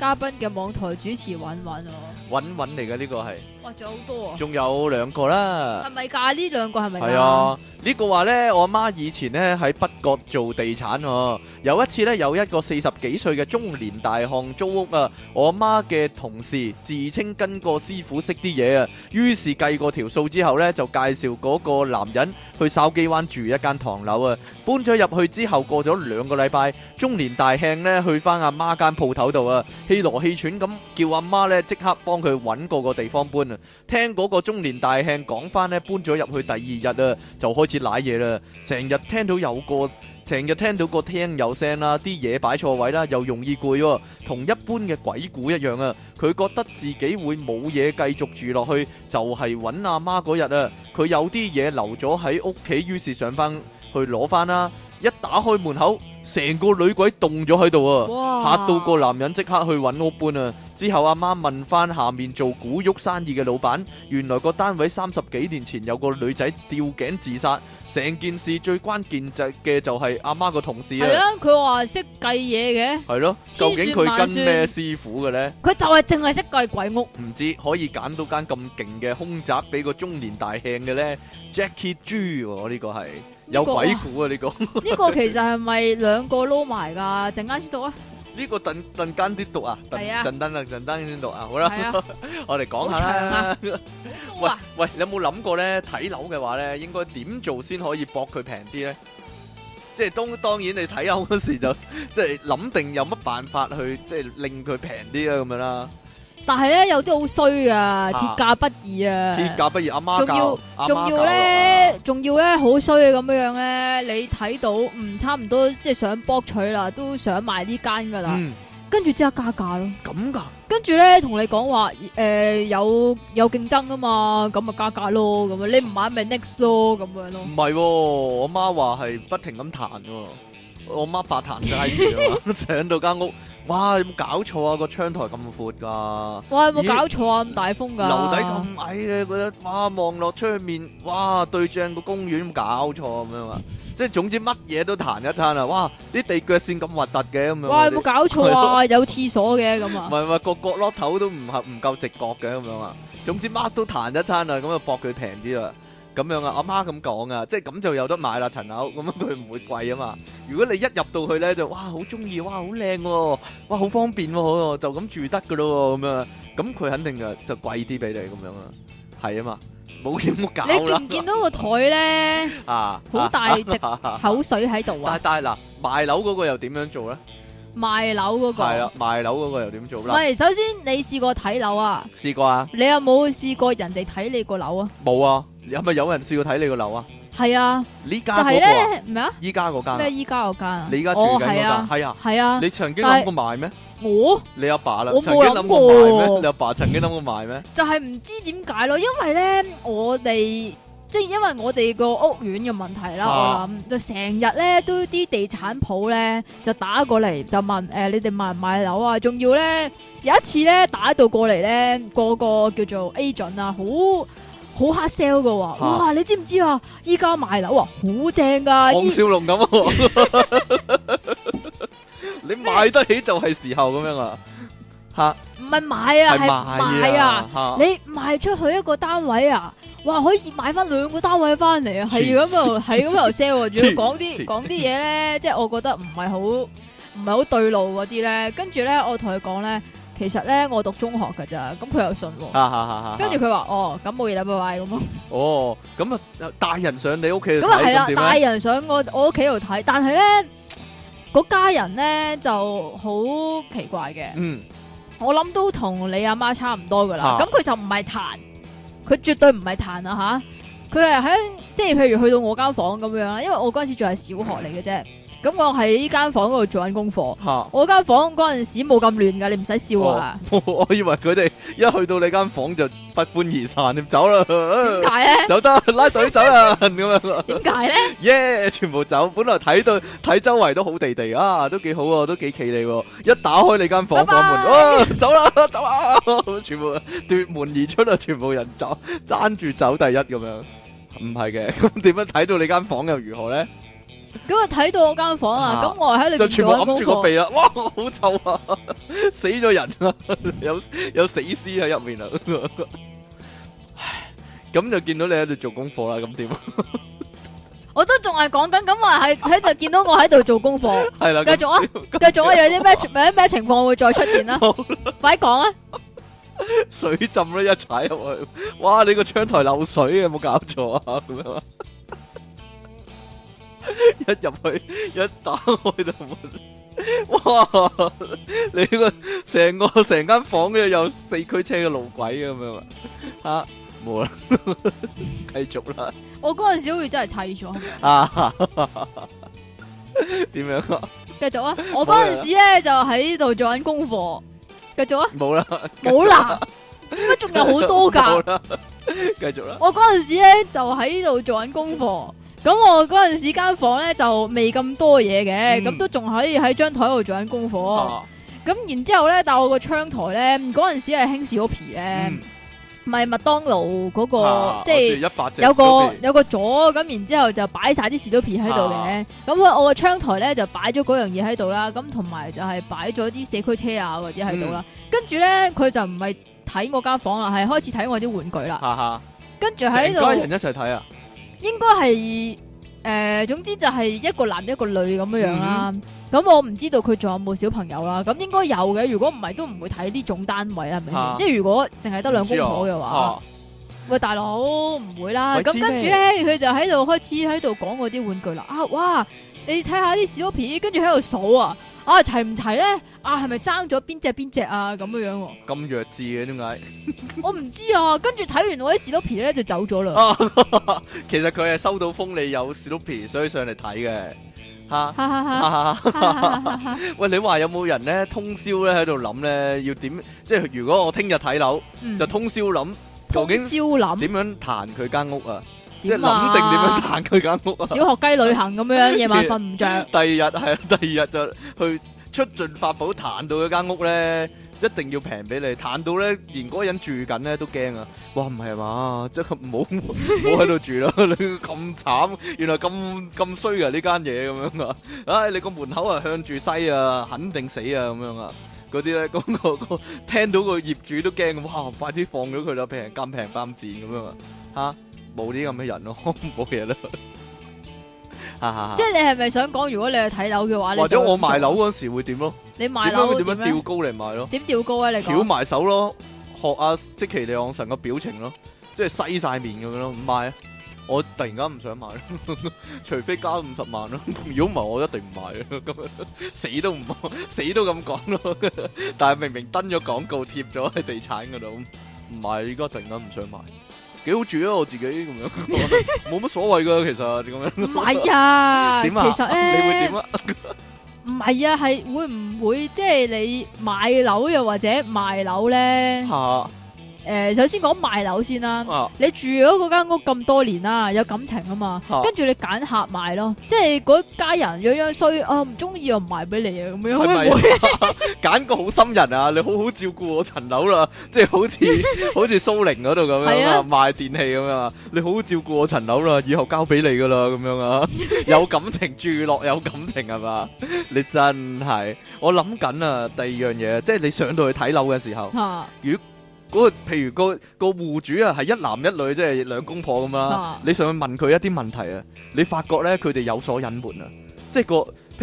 嘉賓嘅網台主持揾揾喎，揾揾嚟嘅呢個係。哇！仲有好多啊，仲有兩個啦，係咪噶？呢兩個係咪？係啊，呢個話呢。我阿媽以前呢，喺北角做地產啊，有一次呢，有一個四十幾歲嘅中年大漢租屋啊，我阿媽嘅同事自稱跟過師傅識啲嘢啊，於是計過條數之後呢，就介紹嗰個男人去筲箕灣住一間唐樓啊，搬咗入去之後過咗兩個禮拜，中年大漢呢，去翻阿媽間鋪頭度啊，氣羅氣喘咁叫阿媽呢，即刻幫佢揾個個地方搬。聽嗰個中年大兄講翻呢，搬咗入去第二日啊，就開始瀨嘢啦，成日聽到有個，成日聽到個廳有聲啦，啲嘢擺錯位啦，又容易攰喎，同一般嘅鬼故一樣啊，佢覺得自己會冇嘢繼續住落去，就係搵阿媽嗰日啊，佢有啲嘢留咗喺屋企，於是上翻去攞翻啦。一打開門口，成個女鬼凍咗喺度啊！嚇到個男人即刻去揾屋搬啊！之後阿媽問翻下面做古屋生意嘅老闆，原來個單位三十幾年前有個女仔吊頸自殺，成件事最關鍵就嘅就係阿媽個同事啊！係啊，佢話識計嘢嘅係咯，究竟佢跟咩師傅嘅呢？佢就係淨係識計鬼屋，唔知可以揀到間咁勁嘅空宅俾個中年大慶嘅呢？Jackie G，喎，呢個係。有鬼故啊！呢個呢個其實係咪兩個撈埋噶？陣間先讀啊！呢個陣間先讀啊！係啊！陣間啊，陣間先讀啊！好啦，我哋講下啦。喂喂，你有冇諗過咧？睇樓嘅話咧，應該點做先可以搏佢平啲咧？即係當當然你睇樓嗰時就即係諗定有乜辦法去即係令佢平啲啊咁樣啦。但係咧，有啲好衰噶，天價不二啊！天價不二，阿媽仲要仲要咧，仲要咧好衰咁樣樣咧，你睇到嗯，差唔多即係想博取啦，都想買呢間噶啦，跟住即刻加價咯。咁噶？跟住咧同你講話，誒有有競爭啊嘛，咁啊加價咯，咁啊你唔買咪 next 咯，咁樣咯。唔係，我媽話係不停咁彈噶，我媽白彈齋，上到間屋。哇，有冇搞錯啊？個窗台咁闊㗎？哇，有冇搞錯啊？咁大風㗎？樓底咁矮嘅覺得？哇望落出去面，哇對正個公園，搞錯咁樣啊！即係總之乜嘢都彈一餐啊！哇，啲地腳線咁核突嘅咁樣。哇，有冇搞錯啊？有廁所嘅咁啊？唔係唔係，個角落頭都唔係唔夠直角嘅咁樣啊！總之乜都彈一餐啊！咁啊，搏佢平啲啊！咁樣啊，阿媽咁講啊，即係咁就有得買啦。層樓咁樣佢唔會貴啊嘛。如果你一入到去咧，就哇好中意，哇好靚喎，哇好方便喎，好就咁住得噶咯咁樣。咁佢肯定就就貴啲俾你咁樣啊，係啊嘛，冇咁搞啦。你見唔見到個台咧？啊，好大的口水喺度啊！但係嗱，賣樓嗰個又點樣做咧？賣樓嗰個係啊，賣樓嗰個又點做咧？唔係，首先你試過睇樓啊？試過啊。你有冇試過人哋睇你個樓啊？冇啊。有咪有人試過睇你個樓啊？係啊，呢家嗰個啊，咩啊？依家嗰間咩？依家嗰間啊？你依家住緊嗰間？係啊，係啊。你曾經諗過賣咩？我？你阿爸啦？我冇諗過，曾經諗過賣咩？ 你阿爸，爸曾經諗過賣咩？就係唔知點解咯，因為咧，我哋即係因為我哋個屋苑嘅問題啦，我諗就成日咧都啲地產鋪咧就打過嚟就問誒、呃，你哋賣唔賣樓啊？仲要咧有一次咧打到過嚟咧個個叫做 agent 啊，好。好 hard sell 嘅喎、啊，哈哇！你知唔知啊？依家賣樓喎、啊，好正噶、啊，黃少龍咁、啊、 你買得起就係時候咁樣啊，吓？唔係買啊，係賣啊，啊哈你賣出去一個單位啊，哇！可以買翻兩個單位翻嚟啊，係咁事啊，係咁又 sell。仲要講啲講啲嘢咧，即、就、係、是、我覺得唔係好唔係好對路嗰啲咧。跟住咧，我同佢講咧。其實咧，我讀中學噶咋，咁佢又信喎。跟住佢話哦，咁冇嘢啦，拜拜咁哦，咁、嗯、啊，大人上你屋企咁啊係啦，大人上我我屋企度睇，但係咧，嗰家人咧就好奇怪嘅。嗯，我諗都同你阿媽差唔多噶啦。咁佢、啊、就唔係彈，佢絕對唔係彈啊吓。佢係喺即係，譬如去到我間房咁樣啦，因為我嗰陣時仲係小學嚟嘅啫。嗯咁我喺呢間房度做緊功課，哈我間房嗰陣時冇咁亂噶，你唔使笑啊！我我、哦哦、以為佢哋一去到你間房間就不歡而散，點走啦？點解咧？走得拉隊走啦咁 樣。點解咧？耶！Yeah, 全部走，本來睇到睇周圍都好地地啊，都幾好啊，都幾企理。一打開你間房間 bye bye 房門，哦、啊，走啦，走啊！全部奪門而出啊，全部人走，爭住走第一咁樣。唔係嘅，咁點樣睇到你間房間又如何咧？咁我睇到我間房啦，咁我喺裏邊做功課，就全部冚住個鼻啦。哇，好臭啊！死咗人啦，有有死屍喺入面啊！咁就見到你喺度做功課啦，咁點啊？我都仲係講緊，咁我係喺度見到我喺度做功課，係啦，繼續啊，繼續啊，有啲咩有啲咩情況會再出現啦？快講啊！水浸啦，一踩入去，哇！你個窗台漏水嘅，有冇搞錯啊！一入去一打開就哇！你呢個成個成間房都有四驅車嘅路軌咁樣啊！冇啦，繼續啦！我嗰陣時好似真係砌咗啊！點樣啊？繼續啊！我嗰陣時咧就喺度做緊功課，繼續啊！冇啦，冇啦，應該仲有好多噶，繼續啦！我嗰陣時咧就喺度做緊功課。咁我嗰陣時間房咧就未咁多嘢嘅，咁都仲可以喺張台度做緊功課。咁、啊、然之後咧，但我個窗台咧嗰陣時係興薯皮，唔係麥當勞嗰、嗰個，啊、即係有一個，一個有一個咗。咁然之後就擺晒啲薯皮喺度嘅。咁、啊、我我個窗台咧就擺咗嗰樣嘢喺度啦。咁同埋就係擺咗啲四驅車啊嗰啲喺度啦。嗯、跟住咧佢就唔係睇我間房啦，係開始睇我啲玩具啦。跟住喺度，人一齊睇啊！啊啊應該係誒，總之就係一個男一個女咁樣樣啦。咁、mm hmm. 嗯、我唔知道佢仲有冇小朋友啦。咁應該有嘅，如果唔係都唔會睇呢種單位啦，係咪先？即係如果淨係得兩公婆嘅話，哦啊、喂，大佬唔會啦。咁跟住咧，佢就喺度開始喺度講嗰啲玩具啦。啊哇，你睇下啲小皮，跟住喺度數啊。啊齊唔齊咧？啊係咪爭咗邊隻邊隻啊？咁樣樣喎。咁弱智嘅點解？ 我唔知啊。跟住睇完我啲史 l i p 咧就走咗啦。 其實佢係收到封你有史 l i，所以上嚟睇嘅。吓喂，你話有冇人咧通宵咧喺度諗咧？要點？即係如果我聽日睇樓就通宵諗，究竟宵諗點樣彈佢間屋啊？即係諗定點樣彈佢間屋啊？小學雞旅行咁樣，夜晚瞓唔着，第二日係啊，第二日就去出盡法寶彈到嗰間屋咧，一定要平俾你。彈到咧，連嗰人住緊咧都驚啊！哇，唔係嘛，即係唔好唔喺度住啦！你咁慘，原來咁咁衰噶呢間嘢咁樣噶。唉，你個門口啊向住西啊，肯定死啊咁樣啊！嗰啲咧，咁個個聽到個業主都驚，哇！快啲放咗佢啦，俾人咁平咁賤咁樣啊！吓。冇啲咁嘅人咯，冇嘢咯。哈哈！即係你係咪想講如果你去睇樓嘅話，或者我賣樓嗰時會點咯？你賣樓點樣吊高嚟賣咯？點吊高啊？你翹埋手咯，學阿積淇離岸神個表情咯，即係西晒面咁樣咯，唔賣啊！我突然間唔想賣，除非加五十萬咯。如果唔係，我一定唔賣啊！咁死都唔死都咁講咯。但係明明登咗廣告貼咗喺地產嗰度，唔賣，而家突然間唔想賣。幾好住啊！我自己咁樣，冇 乜所謂噶，其實點講咧？唔係啊， 啊其實咧、欸， 你會點啊？唔 係啊，係會唔會即係、即係、你買樓又或者賣樓咧？啊！誒，首先講賣樓先啦，你住咗嗰間屋咁多年啦，有感情啊嘛，跟住你揀客賣咯，即係嗰家人樣樣衰，我唔中意，我唔賣俾你啊，咁樣揀個好心人啊，你好好照顧我層樓啦，即係好似好似蘇寧嗰度咁樣啊，賣電器咁樣啊，你好好照顧我層樓啦，以後交俾你噶啦，咁樣啊，有感情住落有感情係嘛？你真係，我諗緊啊，第二樣嘢，即係你上到去睇樓嘅時候，如果。嗰個譬如個個戶主啊，係一男一女，即係兩公婆咁啦。你上去問佢一啲問題啊，你發覺咧佢哋有所隱瞞啊。即係個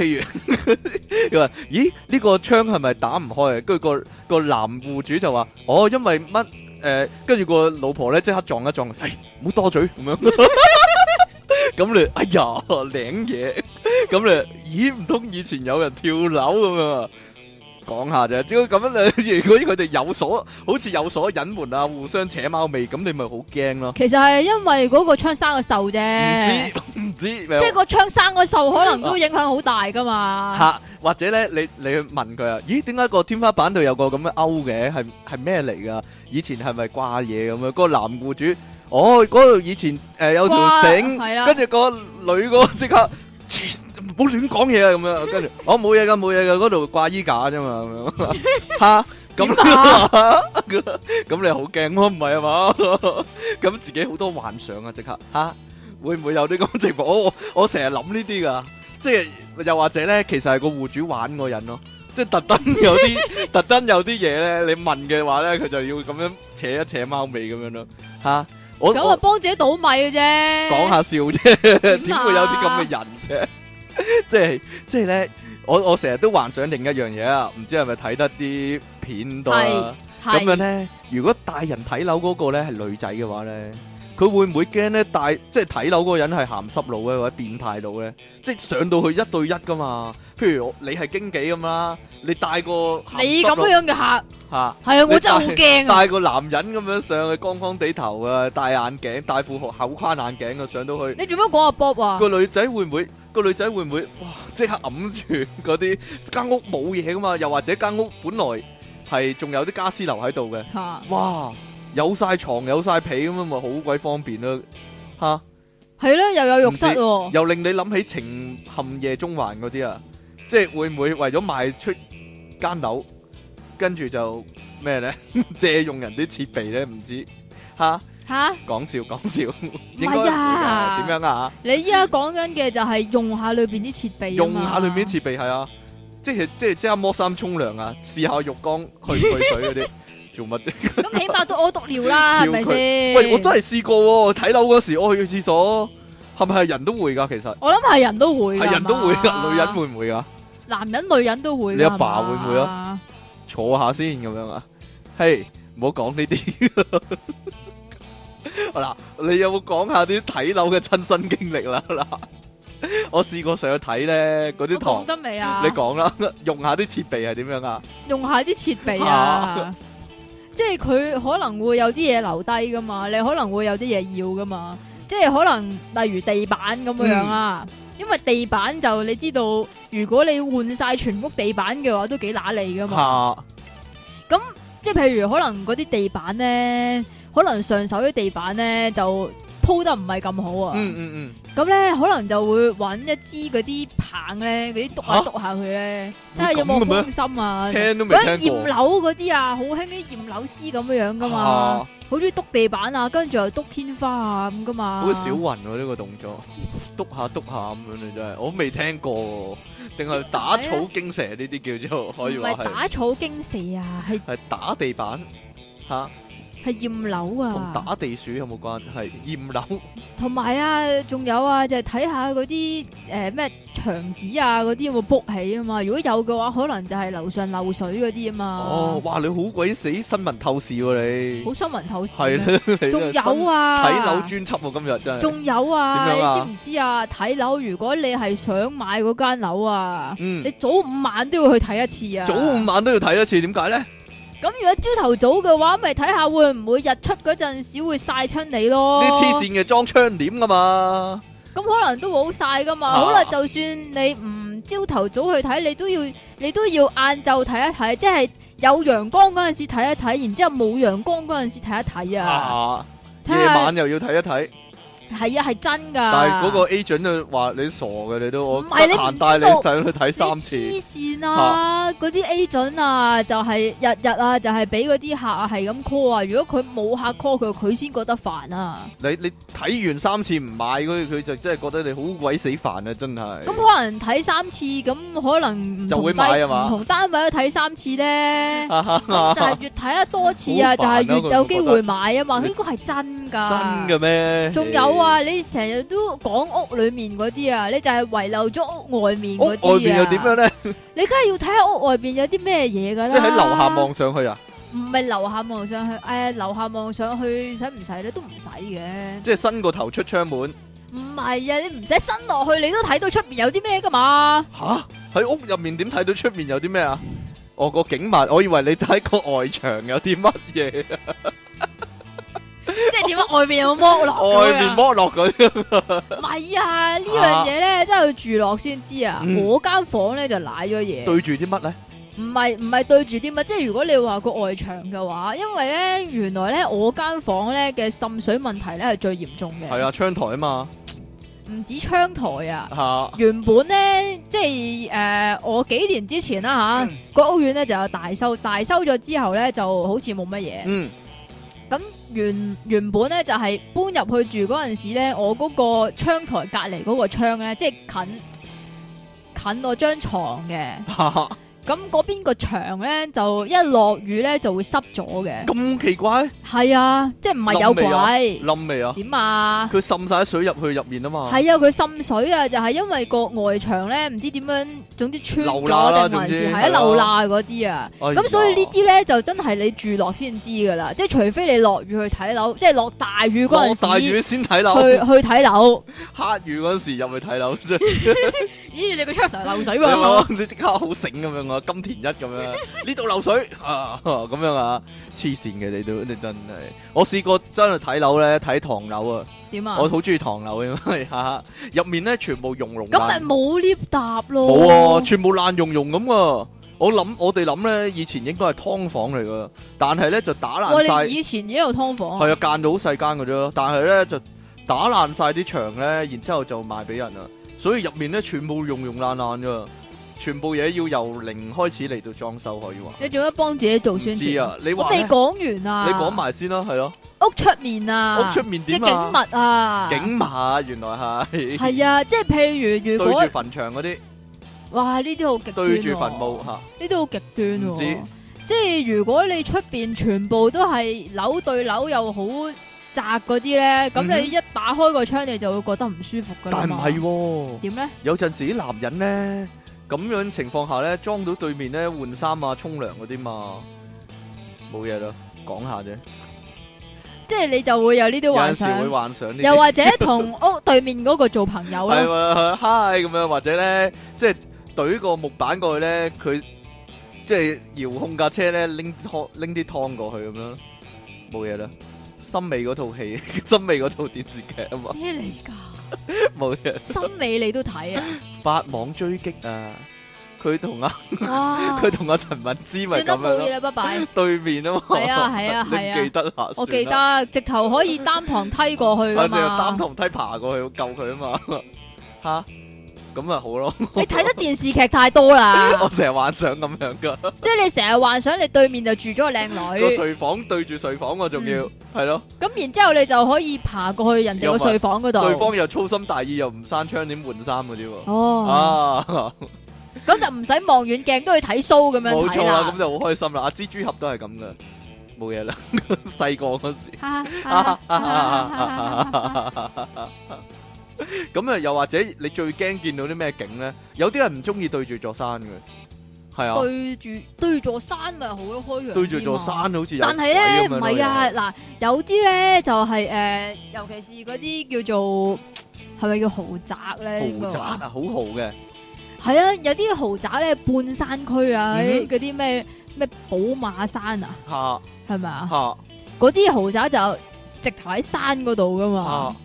譬如佢話：咦，呢個窗係咪打唔開啊？跟住個個男戶主就話：哦，因為乜？誒，跟住個老婆咧即刻撞一撞，哎，唔好多嘴咁樣。咁你哎呀，領嘢。咁你咦？唔通以前有人跳樓咁啊？講下啫，只要咁樣，如果佢哋有所好似有所隱瞞啊，互相扯貓尾，咁你咪好驚咯。其實係因為嗰個槍生個銹啫，唔知唔知，即係個槍生個銹可能都影響好大噶嘛。吓，或者咧，你你去問佢啊？咦，點解個天花板度有個咁樣勾嘅？係係咩嚟噶？以前係咪掛嘢咁樣？個男雇主，哦，嗰度以前誒有條繩，係啊，跟住個女個即刻。冇亂講嘢啊！咁樣跟住，我冇嘢噶，冇嘢噶，嗰度掛衣架啫嘛。吓，咁樣，咁咁你好驚囉唔係啊嘛？咁自己好多幻想啊！即刻吓，會唔會有啲咁直白？我我成日諗呢啲噶，即係又或者咧，其實係個戶主玩個人咯，即係特登有啲特登有啲嘢咧，你問嘅話咧，佢就要咁樣扯一扯貓尾咁樣咯。吓，我咁啊，幫自己倒米嘅啫，講下笑啫，點會有啲咁嘅人啫？ 即係即係咧，我我成日都幻想另一樣嘢啊！唔知係咪睇得啲片多啦？咁樣咧，如果大人睇樓嗰個咧係女仔嘅話咧。佢會唔會驚咧？帶即係睇樓嗰個人係鹹濕佬咧，或者變態佬咧？即係上到去一對一噶嘛？譬如我你係經紀咁啦，你帶個你咁樣嘅客嚇係啊！我真係好驚啊！帶個男人咁樣上去，光光地頭啊，戴眼鏡，戴副學厚框眼鏡啊，上到去你做咩講阿 Bob 啊？個女仔會唔會？個女仔會唔會？哇！即刻揞住嗰啲間屋冇嘢噶嘛？又或者間屋本來係仲有啲家私留喺度嘅嚇哇！有晒床有晒被咁啊嘛，好鬼方便咯，吓係咧又有浴室啊，又令你諗起情陷夜中環嗰啲啊，即係會唔會為咗賣出間樓，跟住就咩咧？ 借用人啲設備咧，唔知吓吓講笑講笑，唔係啊？點 樣啊？你依家講緊嘅就係用下裏邊啲設備，用下裏邊啲設備係啊，即係即係即刻摸衫沖涼啊，試下浴缸去唔去水嗰啲。 做乜啫？咁起碼都屙篤尿啦，係咪先？喂，我真係試過喎，睇樓嗰時我去廁所，係咪係人都會噶？其實我諗係人都會，係人都會，女人會唔會噶？男人、女人都會。你阿爸會唔會啊？坐下先咁樣啊？嘿，唔好講呢啲。好啦，你有冇講下啲睇樓嘅親身經歷啦？嗱，我試過上去睇咧，嗰啲糖得未啊？你講啦，用下啲設備係點樣啊？用下啲設備啊？即係佢可能會有啲嘢留低噶嘛，你可能會有啲嘢要噶嘛，即係可能例如地板咁樣啦、啊，嗯、因為地板就你知道，如果你換晒全屋地板嘅話，都幾揦脷噶嘛。咁、啊、即係譬如可能嗰啲地板咧，可能上手啲地板咧就。鋪得唔係咁好啊，咁咧可能就會揾一支嗰啲棒咧，嗰啲篤下篤下佢咧，睇下有冇空心啊。聽都未聽過。嗰啲驗樓嗰啲啊，好興啲驗樓師咁樣樣噶嘛，好中意篤地板啊，跟住又篤天花啊咁噶嘛。好少云啊呢個動作，篤下篤下咁樣咧，真係我未聽過，定係打草驚蛇呢啲叫做可以話係打草驚蛇啊，係係打地板吓。係驗樓啊，同打地鼠有冇關係？驗樓，同埋 啊，仲有啊，就係、是、睇下嗰啲誒咩牆紙啊，嗰啲有冇 book 起啊嘛？如果有嘅話，可能就係樓上漏水嗰啲啊嘛。哦，哇，你好鬼死新聞透視喎、啊、你，好新聞透視。係啦，仲有啊，睇樓專輯我今日真係。仲有啊，啊你知唔知啊？睇樓如果你係想買嗰間樓啊，嗯、你早午晚都要去睇一次啊。早午晚都要睇一次，點解咧？咁如果朝頭早嘅話，咪睇下會唔會日出嗰陣時會曬親你咯？啲黐線嘅裝窗簾噶嘛，咁可能都會好曬噶嘛。啊、好啦，就算你唔朝頭早去睇，你都要你都要晏晝睇一睇，即係有陽光嗰陣時睇一睇，然之後冇陽光嗰陣時睇一睇啊，夜、啊、睇晚又要睇一睇。係啊，係真噶。但係嗰個 agent 啊，就話你傻嘅，你都你我煩帶你仔去睇三次。黐線啊！嗰啲 agent 啊，就係日日啊，就係俾嗰啲客啊，係咁 call 啊。如果佢冇客 call 佢，佢先覺得煩啊。你你睇完三次唔買，佢佢就真係覺得你好鬼死煩啊！真係。咁可能睇三次，咁可能就會買啊嘛。唔同單位去睇三次咧， 就係越睇得多次 啊，就係越有機會買啊嘛。呢個係真噶。真嘅咩？仲有。哇！你成日都講屋裏面嗰啲啊，你就係遺留咗屋外面嗰啲啊。屋外面又點樣咧？你梗係要睇下屋外邊有啲咩嘢噶啦。即係喺樓下望上去啊？唔係樓下望上去，誒，樓下望上去使唔使咧？都唔使嘅。即係伸個頭出窗門？唔係啊，你唔使伸落去，你都睇到出邊有啲咩噶嘛？吓？喺屋入面點睇到出面有啲咩啊？我，個景物，我以為你睇個外牆有啲乜嘢。即係點解外面有冇剝落，外面剝落佢。唔係 啊，呢樣嘢咧，真係要住落先知啊！啊我間房咧就瀨咗嘢。嗯、對住啲乜咧？唔係唔係對住啲乜？即係如果你話個外牆嘅話，因為咧原來咧我間房咧嘅滲水問題咧係最嚴重嘅。係啊，窗台啊嘛。唔止窗台啊，啊原本咧即係誒、呃，我幾年之前啦、啊、吓，個、嗯、屋苑咧就有大修，大修咗之後咧就好似冇乜嘢。嗯，咁。原原本咧就係搬入去住嗰陣時咧，我嗰個窗台隔籬嗰個窗咧，即係近近我張床嘅。 咁嗰邊個牆咧就一落雨咧就會濕咗嘅。咁奇怪？係啊，即係唔係有鬼？冧未啊？點啊？佢滲晒水入去入面啊嘛。係啊，佢滲水啊，就係因為個外牆咧唔知點樣，總之穿咗定還是係一漏罅嗰啲啊。咁所以呢啲咧就真係你住落先知噶啦，即係除非你落雨去睇樓，即係落大雨嗰陣時。落大雨先睇樓。去去睇樓。黑雨嗰陣時入去睇樓。咦？你個窗成流水喎？你即刻好醒咁樣我。金田一咁樣，呢度漏水啊。咁、啊、樣啊黐線嘅！你都你，真係我試過真係睇樓咧睇唐樓啊。點啊？我好中意唐樓嘅，因為入面咧全部融融咁咪冇 lift 搭咯。冇啊，全部爛融融咁啊，我諗我哋諗咧以前應該係㓥房嚟噶，但係咧就打爛晒。我哋以前也有劏房，係啊，間到好細間噶啫，但係咧就打爛晒啲牆咧，然之後就賣俾人啊，所以入面咧全部融融爛爛噶。全部嘢要由零開始嚟到裝修可以話，你做咩幫自己做宣傳。是啊，你我未講完啊。你講埋先啦，係咯。屋出面啊，屋出面啲景物啊？景物啊，原來係。係啊，即係譬如如果對住墳場嗰啲，哇，呢啲好極端。對住墳墓吓，呢啲好極端。即係如果你出邊全部都係樓對樓又好窄嗰啲咧，咁你一打開個窗，你就會覺得唔舒服噶但係唔係？點咧？有陣時啲男人咧。咁樣情況下咧，裝到對面咧換衫啊、沖涼嗰啲嘛，冇嘢咯，講下啫。即係你就會有呢啲幻想，會幻想又或者同屋對面嗰個做朋友咧、啊，嗨咁 樣，或者咧即係懟個木板過去咧，佢即係遙控架車咧拎湯拎啲湯過去咁樣，冇嘢啦。森美嗰套戲，森美嗰套電視劇啊嘛。咩嚟噶？冇嘢， 什麼 心美你都睇啊？法網追擊啊！佢同阿佢同阿陳文芝咪都冇嘢啦，拜拜，面 對面啊嘛？係啊係啊係啊！啊啊記得啊，我記得， 直頭可以擔堂梯過去噶嘛？我哋要擔堂梯爬過去救佢啊嘛？ 哈？咁咪好咯！你睇得電視劇太多啦，我成日幻想咁樣噶，即係你成日幻想你對面就住咗個靚女，個睡房對住睡房我仲要係咯，咁然之後你就可以爬過去人哋個睡房嗰度，對方又粗心大意又唔閂窗點換衫嗰啲喎，哦啊，咁就唔使望遠鏡都要睇 show 咁樣，冇錯啦，咁就好開心啦，阿蜘蛛俠都係咁噶，冇嘢啦，細個嗰時。咁啊，又或者你最驚見到啲咩景咧？有啲人唔中意對住座山嘅。係啊，對住對住座山咪好咯，開揚，對住座山好似有，但係咧唔係啊，嗱，有啲咧就係誒，尤其是嗰啲叫做係咪叫豪宅咧？豪宅啊，好豪嘅，係啊，有啲豪宅咧，半山區啊，嗰啲咩咩寶馬山啊，吓係咪啊？吓，嗰啲豪宅就直頭喺山嗰度噶嘛。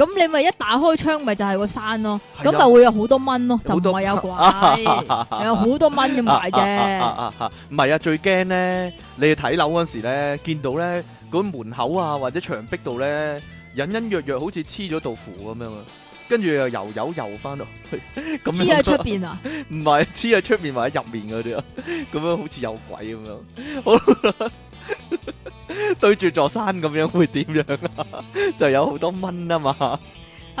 咁你咪一打開窗咪就係個山咯，咁咪會有好多蚊咯，就唔係有鬼，有好多蚊咁大啫。唔係啊，最驚咧，你睇樓嗰時咧，見到咧嗰門口啊或者牆壁度咧，隱隱約約好似黐咗道符咁樣，跟住又游游游翻度黐喺出邊啊？唔係黐喺出面，或者入面嗰啲啊，咁樣好似有鬼咁樣。 對住座山咁樣會點樣啊？ 就有好多蚊啊嘛～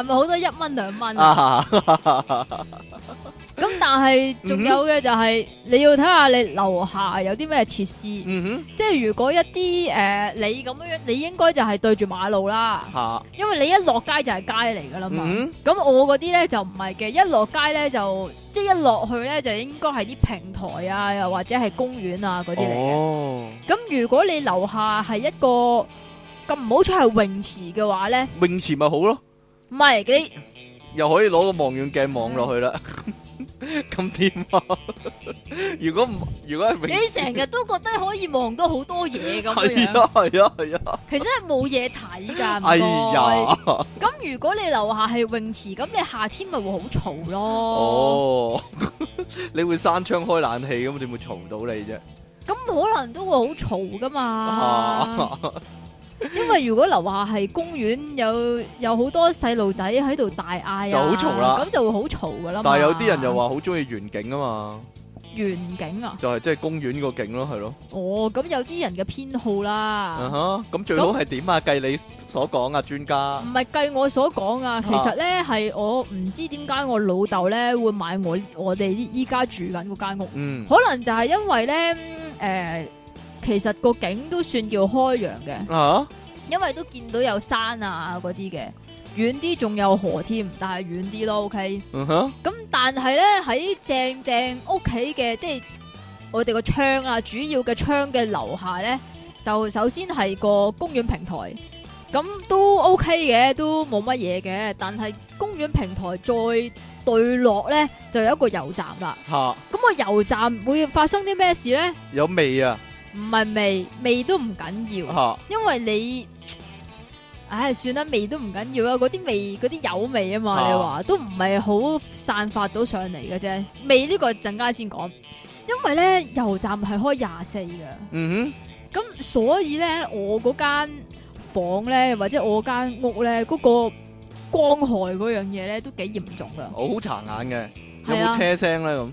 係咪好多一蚊兩蚊啊？咁但係仲有嘅就係你要睇下你樓下有啲咩設施。嗯哼，即係如果一啲誒你咁樣樣，你應該就係對住馬路啦。吓，因為你一落街就係街嚟噶啦嘛。咁我嗰啲咧就唔係嘅，一落街咧就即係一落去咧就應該係啲平台啊，又或者係公園啊嗰啲嚟嘅。哦，咁如果你樓下係一個咁唔好彩係泳池嘅話咧，泳池咪好咯。唔係你又可以攞個望遠鏡望落去啦，咁點啊？如果唔如果係泳你成日都覺得可以望到好多嘢咁樣樣，哎，係啊係啊係啊。其實係冇嘢睇噶，唔、哎、呀，咁如果你樓下係泳池，咁你夏天咪會好嘈咯。哦， 你會閂窗開冷氣咁點會嘈到你啫？咁可能都會好嘈噶嘛，啊。啊啊因為如果樓下係公園，有有好多細路仔喺度大嗌啊，就好嘈啦，咁就會好嘈噶啦。但係有啲人又話好中意園景啊嘛，園景啊，就係即係公園個景咯，係咯。哦，咁有啲人嘅偏好啦。啊哈，咁最好係點啊？計你所講啊，專家？唔係計我所講啊，其實咧係我唔知點解我老豆咧會買我我哋依依家住緊嗰間屋。嗯。可能就係因為咧，誒。其實個景都算叫開揚嘅，uh huh? 因為都見到有山啊嗰啲嘅，遠啲仲有河添，但係遠啲咯，O K。咁、okay? uh huh? 但係咧喺正正屋企嘅，即係我哋個窗啊，主要嘅窗嘅樓下咧，就首先係個公園平台，咁都 O K 嘅，都冇乜嘢嘅。但係公園平台再對落咧，就有一個油站啦。吓、uh，咁、huh. 個油站會發生啲咩事咧？有味啊！唔係味，味都唔緊要，要，啊、因為你，唉，算啦，味都唔緊要啦，嗰啲味，嗰啲油味啊嘛，啊你話都唔係好散發到上嚟嘅啫，味呢個陣間先講，因為咧油站係開廿四嘅，嗯哼，咁所以咧我嗰間房咧或者我間屋咧嗰、嗰個光害嗰樣嘢咧都幾嚴重噶，好擦眼嘅，有冇車聲咧咁？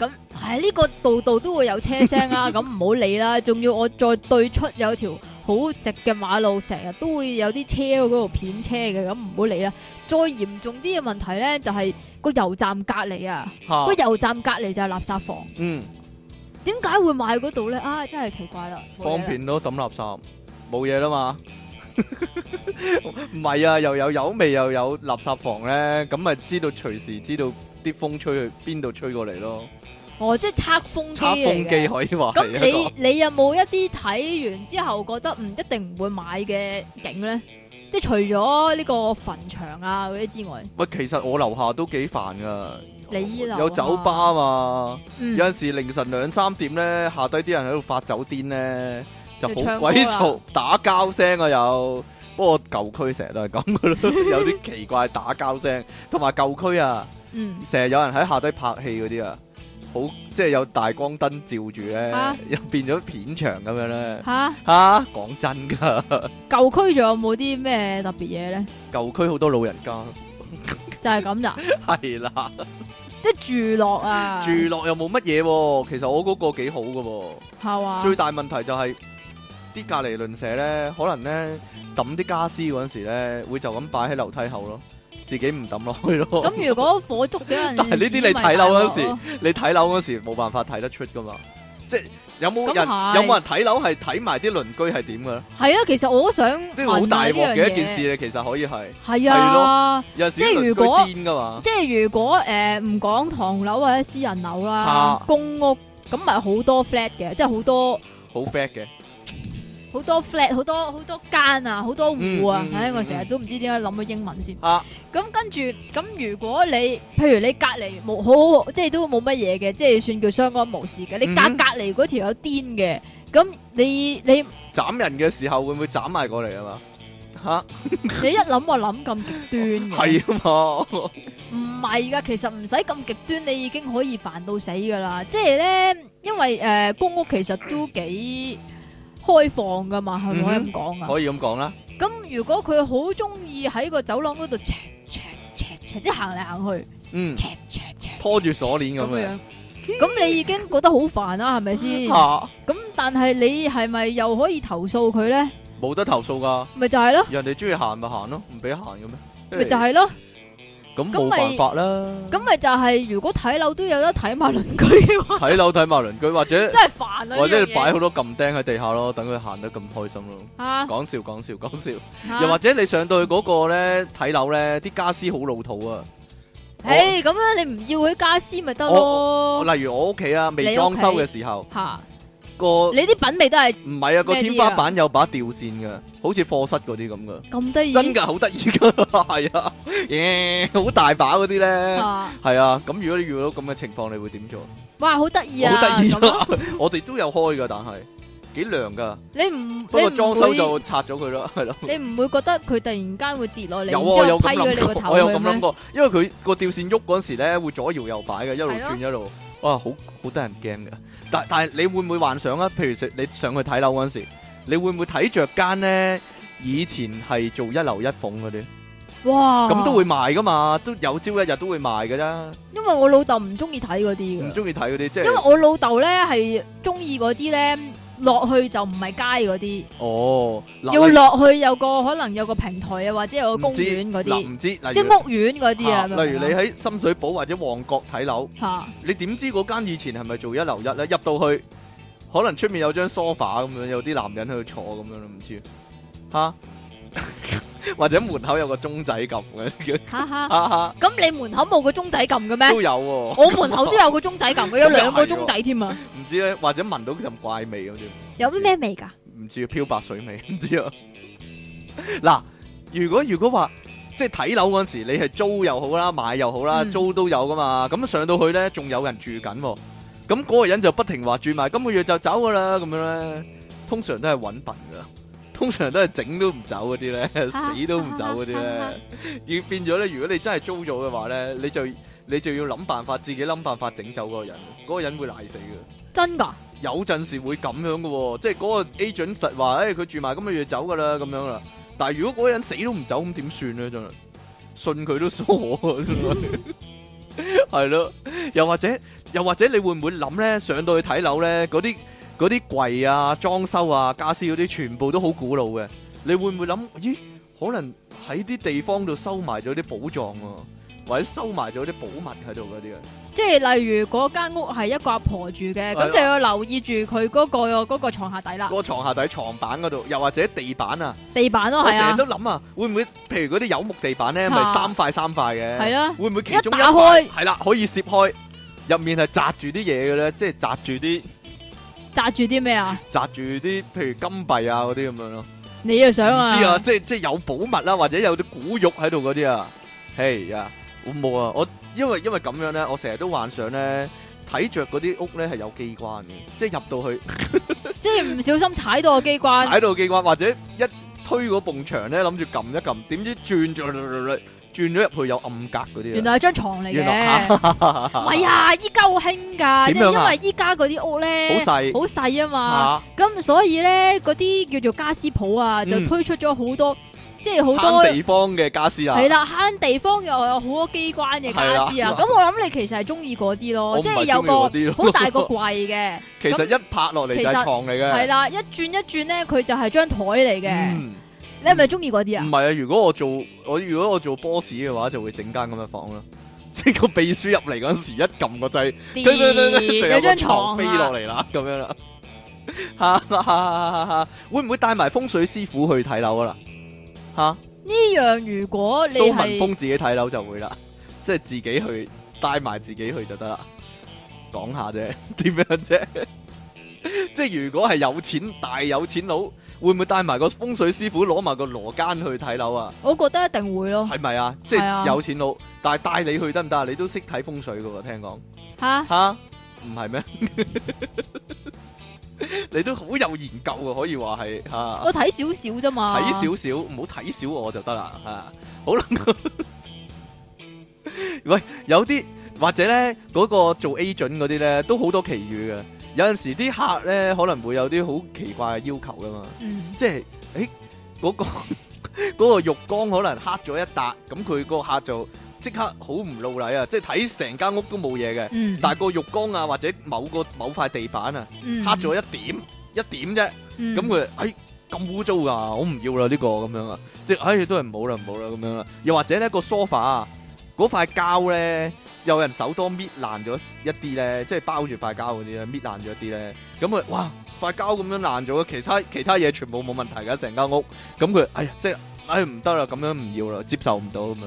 咁喺呢個度度都會有車聲啦，咁唔好理啦。仲要我再對出有條好直嘅馬路，成日都會有啲車嗰度片車嘅，咁唔好理啦。再嚴重啲嘅問題咧，就係個油站隔籬啊，個油站隔籬就係垃圾房。嗯，點解會買嗰度咧？啊，真係奇怪啦。方便咯，抌垃圾冇嘢啦嘛。唔係啊，又有油味又有垃圾房咧，咁咪知道隨時知道啲風吹去邊度吹過嚟咯。哦，即係測風機嚟嘅。測風機可以話。咁你你有冇一啲睇完之後覺得唔一定唔會買嘅景咧？即係除咗呢個墳場啊嗰啲之外。喂，其實我樓下都幾煩噶。你依樓有酒吧啊嘛？嗯、有陣時凌晨兩三點咧，下低啲人喺度發酒癲咧，就好鬼嘈，打交聲啊有。不過舊區成日都係咁噶咯， 有啲奇怪打交聲，同埋舊區啊，成日、嗯、有人喺下低拍戲嗰啲啊。好即係有大光燈照住咧，又變咗片場咁樣咧。吓吓，講真噶，舊區仲有冇啲咩特別嘢咧？舊區好多老人家，就係咁咋？係啦，即係住落啊，住落又冇乜嘢。其實我嗰個幾好噶，係啊。最大問題就係啲隔籬鄰舍咧，可能咧抌啲家私嗰陣時咧，會就咁擺喺樓梯口咯。自己唔抌落去咯。咁如果火燭嗰陣時，但係呢啲你睇樓嗰時，你睇樓嗰時冇辦法睇得出噶嘛，即係有冇人有冇人睇樓係睇埋啲鄰居係點嘅咧？係啊，其實我都想。呢個好大鑊嘅一件事咧，其實可以係係啊，係咯，有時，即係如果電嘅嘛，即係如果誒唔講唐樓或者私人樓啦，公屋咁咪好多 flat 嘅，即係好多好 flat 嘅。好多 flat，好多好多間啊，好多戶啊，唉，我成日都唔知點解諗到英文先。咁跟住，咁如果你，譬如你隔籬冇，好即係都冇乜嘢嘅，即係算叫相安無事嘅。你隔隔籬嗰條有癲嘅，咁你你斬人嘅時候會唔會斬埋過嚟啊嘛？吓！你一諗我諗咁極端，係啊嘛？唔係噶，其實唔使咁極端，你已經可以煩到死噶啦。即係咧，因為誒公屋其實都幾。開放噶嘛，係咪可以咁講啊？可以咁講啦。咁如果佢好中意喺個走廊嗰度，check check check check，一行嚟行去，check check check，拖住鎖鏈咁樣，咁你已經覺得好煩啦，係咪先？吓！咁但係你係咪又可以投訴佢咧？冇得投訴噶。咪就係咯。人哋中意行咪行咯，唔俾行嘅咩？咪就係咯。咁冇辦法啦！咁咪就係，如果睇樓都有得睇埋鄰居嘅話，睇樓睇埋鄰居或者真係煩啊！或者你擺好多撳釘喺地下咯，等佢行得咁開心咯。啊！講笑講笑講笑，又或者你上到去嗰個咧睇樓咧，啲家私好老土啊！誒，咁樣你唔要佢家私咪得咯？例如我屋企啊，未裝修嘅時候。個你啲品味都係唔係啊？個天花板有把吊扇嘅，好似課室嗰啲咁嘅，咁得意，真噶好得意噶，係啊，耶，好大把嗰啲咧，係啊。咁如果你遇到咁嘅情況，你會點做？哇，好得意啊！好得意，我哋都有開噶，但係幾涼噶。你唔不過裝修就拆咗佢咯，係咯。你唔會覺得佢突然間會跌落嚟？有有咁諗過？我有咁諗過，因為佢個吊扇喐嗰時咧會左搖右擺嘅，一路轉一路。哇，好好得人驚噶！但但係你會唔會幻想啊？譬如你上去睇樓嗰陣時，你會唔會睇着間呢？以前係做一樓一鳳嗰啲？哇！咁都會賣噶嘛，都有朝一日都會賣噶啫。因為我老豆唔中意睇嗰啲，唔中意睇嗰啲，即係因為我老豆呢係中意嗰啲呢。落去就唔係街嗰啲，哦，要落去有個可能有個平台啊，或者有個公園嗰啲，唔知即屋苑嗰啲啊。例如你喺深水埗或者旺角睇樓，嚇，你點知嗰間以前係咪做一樓一咧？入到去可能出面有張梳化咁樣，有啲男人喺度坐咁樣都唔知，嚇。或者門口有個鐘仔撳嘅，哈哈，哈哈。咁你門口冇個鐘仔撳嘅咩？都有、啊， 我門口都有個鐘仔撳佢 有兩個鐘仔添啊。唔 知咧，或者聞到佢陣怪味咁樣。有啲咩味噶？唔知漂白水味，唔知啊。嗱， 如果如果話即係睇樓嗰陣時，你係租又好啦，買又好啦，嗯、租都有噶嘛。咁上到去咧，仲有人住緊，咁嗰個人就不停話住埋，今個月就走噶啦，咁樣咧，通常都係穩笨噶。通常都係整都唔走嗰啲咧，死都唔走嗰啲咧，而變咗咧，如果你真係租咗嘅話咧，你就你就要諗辦法，自己諗辦法整走嗰個人，嗰個人會賴死嘅。真噶？有陣時會咁樣嘅，即係嗰個 agent 實話，誒，佢住埋咁咪要走噶啦，咁樣啦。但係如果嗰個人死都唔走，咁點算咧？真係信佢都傻，真係。係咯？又或者，又或者你會唔會諗咧？上到去睇樓咧，嗰啲。嗰啲櫃啊、裝修啊、家私嗰啲，全部都好古老嘅。你會唔會諗？咦，可能喺啲地方度收埋咗啲寶藏喎、啊，或者收埋咗啲寶物喺度嗰啲啊？即係例如嗰間屋係一個阿婆住嘅，咁的就要留意住佢嗰個嗰個床下底啦。個床下底、床板嗰度，又或者地板啊、地板咯，係啊。成日都諗啊，會唔會？譬如嗰啲有木地板咧，咪、啊、三塊三塊嘅？係咯的。會唔會其中一,一打開係啦，可以攝開入面係紮住啲嘢嘅咧，即係紮住啲。紮住啲咩啊？紮住啲，譬如金幣啊嗰啲咁樣咯。你又想啊？知啊，即係即係有寶物啦，或者有啲古玉喺度嗰啲啊。係啊，好冇啊，我因為因為咁樣咧，我成日都幻想咧，睇著嗰啲屋咧係有機關嘅，即係入到去，即係唔小心踩到個機關，踩到個機關或者一推嗰埲牆咧，諗住撳一撳，點知轉咗。轉咗入去有暗格嗰啲，原來係張床嚟嘅，唔係啊！依家好興噶，即係因為依家嗰啲屋咧好細，好細啊嘛。咁所以咧，嗰啲叫做家私鋪啊，就推出咗好多，即係好多慳地方嘅家私啊。係啦，慳地方又有好多機關嘅家私啊。咁我諗你其實係中意嗰啲咯，即係有個好大個櫃嘅。其實一拍落嚟其實係床嚟嘅，係啦，一轉一轉咧，佢就係張台嚟嘅。你係咪中意嗰啲啊？唔係啊，如果我做我如果我做 boss 嘅話，就會整間咁嘅房啦。即 個秘書入嚟嗰時，一撳個掣，De 有住張床飛落嚟啦，咁、啊、樣啦。吓 會唔會帶埋風水師傅去睇樓啊？啦吓呢樣，如果你蘇文峰自己睇樓就會啦， 即係自己去帶埋自己去就得啦。講 下啫，點樣啫？ 即係如果係有錢大有錢佬。會唔會帶埋個風水師傅攞埋個羅庚去睇樓啊？我覺得一定會咯。係咪啊？係啊，即係有錢佬，但係帶你去得唔得啊？你都識睇風水噶喎，聽講。吓吓，唔係咩？ 你都好有研究噶，可以話係吓。我睇少少啫嘛。睇少少，唔好睇少我就得啦吓。好啦， 喂，有啲或者咧嗰個做 agent 嗰啲咧，都好多奇遇嘅。有陣時啲客咧可能會有啲好奇怪嘅要求㗎嘛，嗯、即係誒嗰個嗰個浴缸可能黑咗一笪，咁佢個客就即刻好唔露禮啊！即係睇成間屋都冇嘢嘅，嗯、但係個浴缸啊或者某個某塊地板啊、嗯、黑咗一點一點啫，咁佢誒咁污糟㗎，我唔要啦，呢個咁樣啊，即係唉、欸，都係唔好啦唔好啦咁樣啦，又或者呢個 sofa 嗰塊膠咧。有人手多搣爛咗一啲咧，即係包住塊膠嗰啲咧，搣爛咗一啲咧，咁佢哇塊膠咁樣爛咗，其他其他嘢全部冇問題噶，成間屋，咁佢哎呀，即係哎唔得啦，咁樣唔要啦，接受唔到咁樣，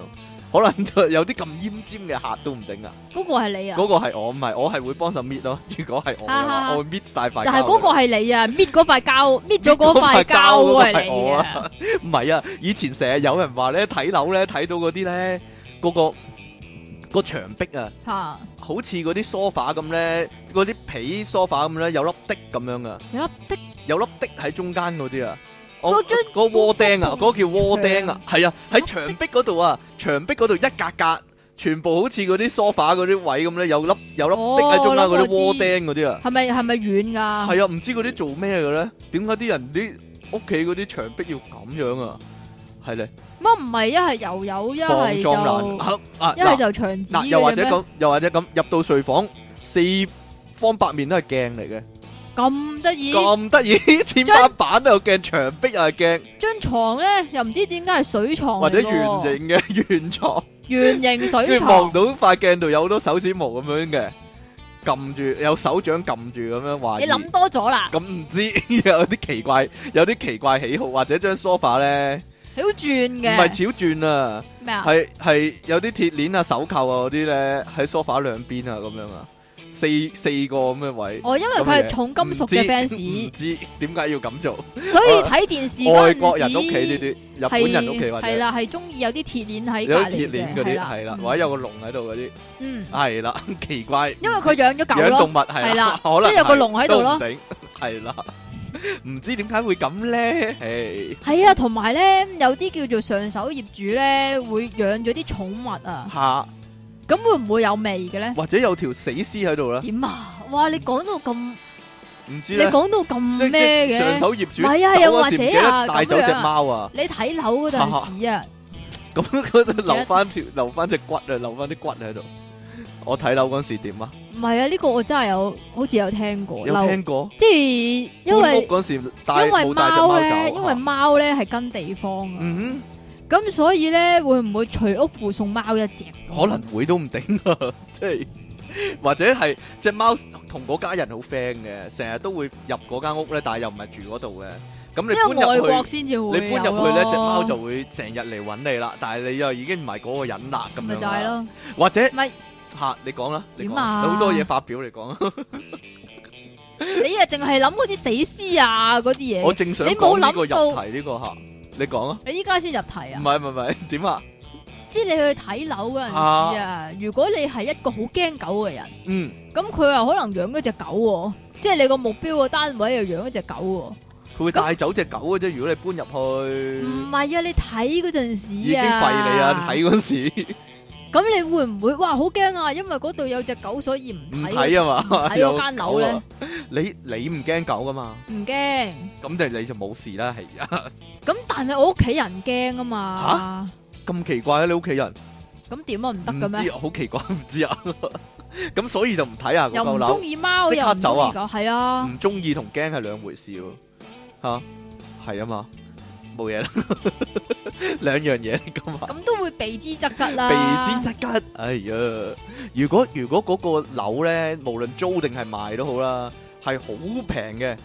可能有啲咁奄尖嘅客都唔定啊。嗰個係你啊？嗰個係我，唔係我係會幫手搣咯。如果係我，我搣曬塊膠就係嗰個係你啊！搣嗰塊膠，搣咗嗰塊膠係你啊！唔係啊，以前成日有人話咧，睇樓咧睇到嗰啲咧嗰個。個牆壁啊，嚇，Ha. 好似嗰啲梳化 f a 咁咧，嗰啲被梳化 f a 咁咧，有粒滴的咁樣噶，有粒的，有粒的喺中間嗰啲、那個哦、啊，我、那、嗰個窩釘啊，嗰個叫窩釘啊，係啊，喺牆壁嗰度啊，牆壁嗰度一格格，全部好似嗰啲梳化嗰啲位咁咧，有粒有粒的喺中間嗰啲窩釘嗰啲啊，係咪係咪軟㗎？係啊，唔知嗰啲做咩嘅咧？點解啲人啲屋企嗰啲牆壁要咁樣啊？係咧，乜唔係一係油油，一係就一係就牆紙嘅咁，又或者咁，又或者咁，入到睡房，四方八面都係鏡嚟嘅，咁得意，咁得意，天花板都有鏡，牆壁又係鏡，張床咧又唔知點解係水床，或者圓形嘅圓床，圓形水床，望到塊鏡度有好多手指毛咁樣嘅，撳住有手掌撳住咁樣話，你諗多咗啦，咁唔知有啲奇怪，有啲奇怪喜好，或者張梳化咧。少轉嘅，唔係少轉啊，係係有啲鐵鏈啊、手扣啊嗰啲咧，喺 sofa 兩邊啊咁樣啊，四四個咁嘅位。哦，因為佢係重金屬嘅 fans，唔知點解要咁做，所以睇電視外國人屋企呢啲，日本人屋企或者係啦，係中意有啲鐵鏈喺下邊嗰啲，係啦，或者有個籠喺度嗰啲，嗯，係啦，奇怪，因為佢養咗狗咯，養動物係啦，可能即係有個籠喺度咯，係啦。唔知點解會咁咧？係係啊，同埋咧有啲叫做上手業主咧會養咗啲寵物啊，吓咁會唔會有味嘅咧？或者有條死屍喺度咧？點啊？哇！你講到咁唔知？你講到咁咩嘅？上手業主，係啊，又或者啊，帶走隻貓啊？你睇樓嗰陣時啊，咁留翻條留翻隻骨啊，留翻啲骨喺度。我睇樓嗰時點啊？唔係啊，呢個我真係有，好似有聽過。有聽過，即係因為嗰時因為貓咧，因為貓咧係跟地方噶，咁所以咧會唔會隨屋附送貓一隻？可能會都唔定噶，即係或者係隻貓同嗰家人好 friend 嘅，成日都會入嗰間屋咧，但係又唔係住嗰度嘅。咁你搬外國先至，你搬入去咧隻貓就會成日嚟搵你啦。但係你又已經唔係嗰個人啦，咁咪就係咯，或者咪。吓，你講啦，你好多嘢發表，你講。你啊，淨係諗嗰啲死屍啊，嗰啲嘢。我正常，你冇諗過入題呢個吓，你講啊。你依家先入題啊？唔係唔係唔係，點啊？即係你去睇樓嗰陣時啊，如果你係一個好驚狗嘅人，嗯，咁佢又可能養一隻狗，即係你個目標嘅單位又養一隻狗，佢會帶走隻狗嘅啫。如果你搬入去，唔係啊，你睇嗰陣時啊，已經廢你啊，睇嗰陣時。咁你會唔會哇好驚啊？因為嗰度有隻狗，所以唔睇啊嘛？唔睇嗰間樓咧？你你唔驚狗噶嘛？唔驚怕。咁就你就冇事啦，係。咁但係我屋企人驚啊嘛？吓咁、啊、奇怪啊！你屋企人？咁點啊？唔得嘅咩？好奇怪，唔知啊。咁 所以就唔睇啊。又唔中意貓又唔中意狗，係啊。唔中意同驚係兩回事喎。吓係啊嘛。冇嘢啦，兩樣嘢咁啊，咁都會避之則吉啦，避之則吉。哎呀，如果如果嗰個樓咧，無論租定係賣都好啦，係好平嘅，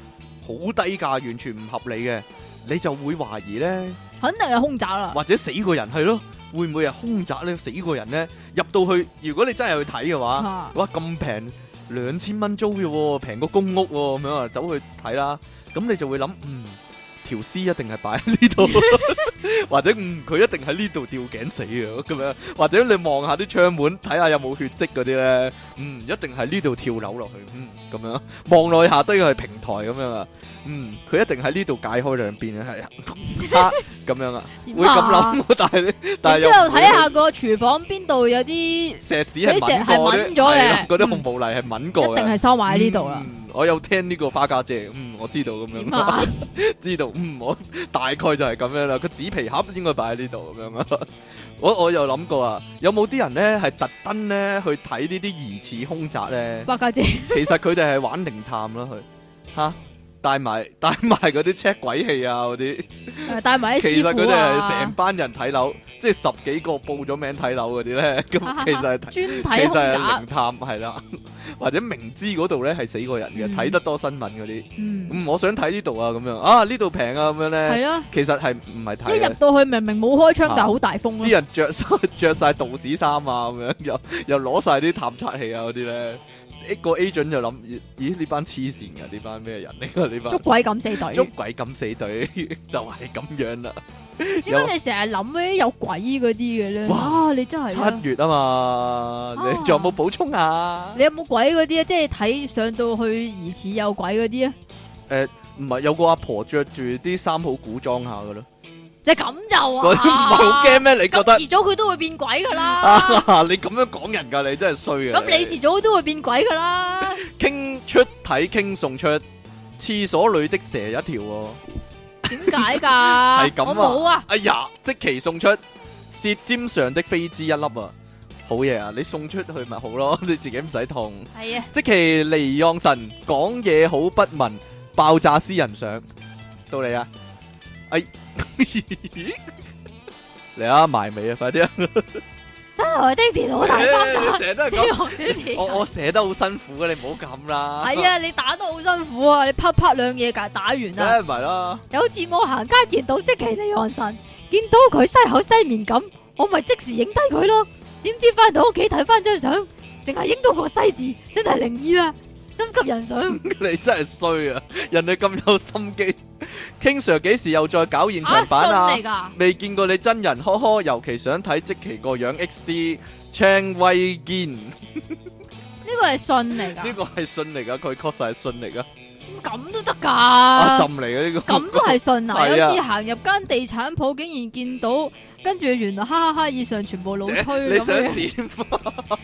好低價，完全唔合理嘅，你就會懷疑咧，肯定係空宅啦，或者死個人係咯，會唔會係空宅咧死個人咧入到去，如果你真係去睇嘅話，哇咁平兩千蚊租啫，平個公屋咁樣啊，走去睇啦，咁你就會諗嗯。條屍一定係擺喺呢度，或者嗯，佢一定喺呢度吊頸死嘅，咁樣，或者你望下啲窗門，睇下有冇血跡嗰啲咧，嗯，一定喺呢度跳樓落去，嗯，咁樣望落下都要係平台咁樣啊，嗯，佢一定喺呢度解開兩邊啊係啊，吓咁樣啊，會咁諗，但係咧但係之後睇下個廚房邊度有啲石屎係敏，係敏咗嘅，嗰啲木毛泥係敏過，一定係收埋喺呢度啦。我有聽呢個花家姐，嗯，我知道咁樣，樣啊、 知道，嗯，我大概就係咁樣啦。個紙皮盒應該擺喺呢度咁樣啊。我我又諗過啊，有冇啲人咧係特登咧去睇呢啲疑似凶宅咧？花家姐， 其實佢哋係玩靈探啦，佢吓。帶埋帶埋嗰啲 check 鬼器啊，嗰啲。帶埋啲師傅啊。其實佢哋係成班人睇樓，啊、即係十幾個報咗名睇樓嗰啲咧。咁其實係專睇，啊啊、其實係靈探係啦，或者明知嗰度咧係死過人嘅，睇、嗯、得多新聞嗰啲。咁、嗯嗯、我想睇呢度啊，咁樣啊呢度平啊，咁樣咧。係啊。啊其實係唔係睇？一入到去明明冇開窗，但好大風。啲、啊、人着晒着晒道士衫啊，咁樣又又攞晒啲探測器啊，嗰啲咧。一個 agent 就諗，咦，呢班黐線噶，呢班咩人？呢個呢班捉鬼敢死隊， 捉鬼敢死隊 就係咁樣啦。點解你成日諗嗰啲有鬼嗰啲嘅咧？哇、啊，你真係七月啊嘛，你仲有冇補充啊？你有冇補充下你有冇鬼嗰啲啊？即係睇上到去疑似有鬼嗰啲啊？誒、呃，唔係有個阿婆着住啲衫好古裝下噶啦。你咁就啊！咁唔係好驚咩？你覺得？遲早佢都會變鬼噶啦、 啊啊！你咁樣講人噶，你真係衰啊！咁你遲 早都會變鬼噶啦！King 出體 King 送出廁所裏的蛇一條，點解噶？係咁啊！我冇 啊！啊哎呀，積淇送出舌尖上的飛枝一粒啊！好嘢啊！你送出去咪好咯、啊，你自己唔使痛。係啊的！積淇離岸神講嘢好不聞，爆炸私人相到你啊！嚟、哎、 啊，埋尾啊，快啲、啊！ 真係我爹哋好大心、欸，我我寫得好辛苦嘅、啊，你唔好咁啦。係 啊，你打得好辛苦啊，你啪啪兩嘢架打完、啊欸、啦，梗係唔係啦？有次我行街見到積淇離岸神，見到佢西口西面咁，我咪即時影低佢咯。點知翻到屋企睇翻張相，淨係影到個西字，真係靈異啊！心急人想，你真係衰啊！人哋咁有心機，King Sir 幾時又再搞現場版啊？未見過你真人，呵呵，尤其想睇即其個樣，X D Chang Wei Jian，呢個係信嚟噶？呢個係信嚟噶，佢確實係信嚟噶。咁都得噶？啊，信嚟嘅呢個，咁都係信啊！有次行入間地產鋪，竟然見到。跟住原來哈哈哈以上全部老吹。欸，你想點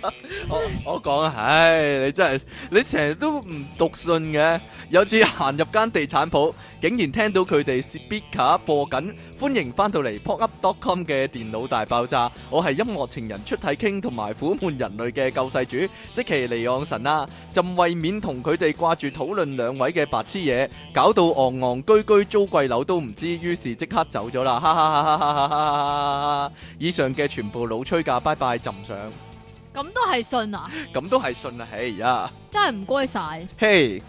我我講啊，唉，你真係你成日都唔讀信嘅。有次行入間地產鋪，竟然聽到佢哋 speaker 播緊歡迎翻到嚟 popup.com dot 嘅電腦大爆炸。我係音樂情人出體 king 同埋苦悶人類嘅救世主，積淇離岸神啊！朕為免同佢哋掛住討論兩位嘅白痴嘢，搞到戇戇居居租貴樓都唔知，於是即刻走咗啦！哈哈哈，哈！啊！以上嘅全部老吹噶，拜拜！朕上咁都係信啊，咁都係信啊，嘿、hey, 呀、yeah.！真係唔該晒，嘿！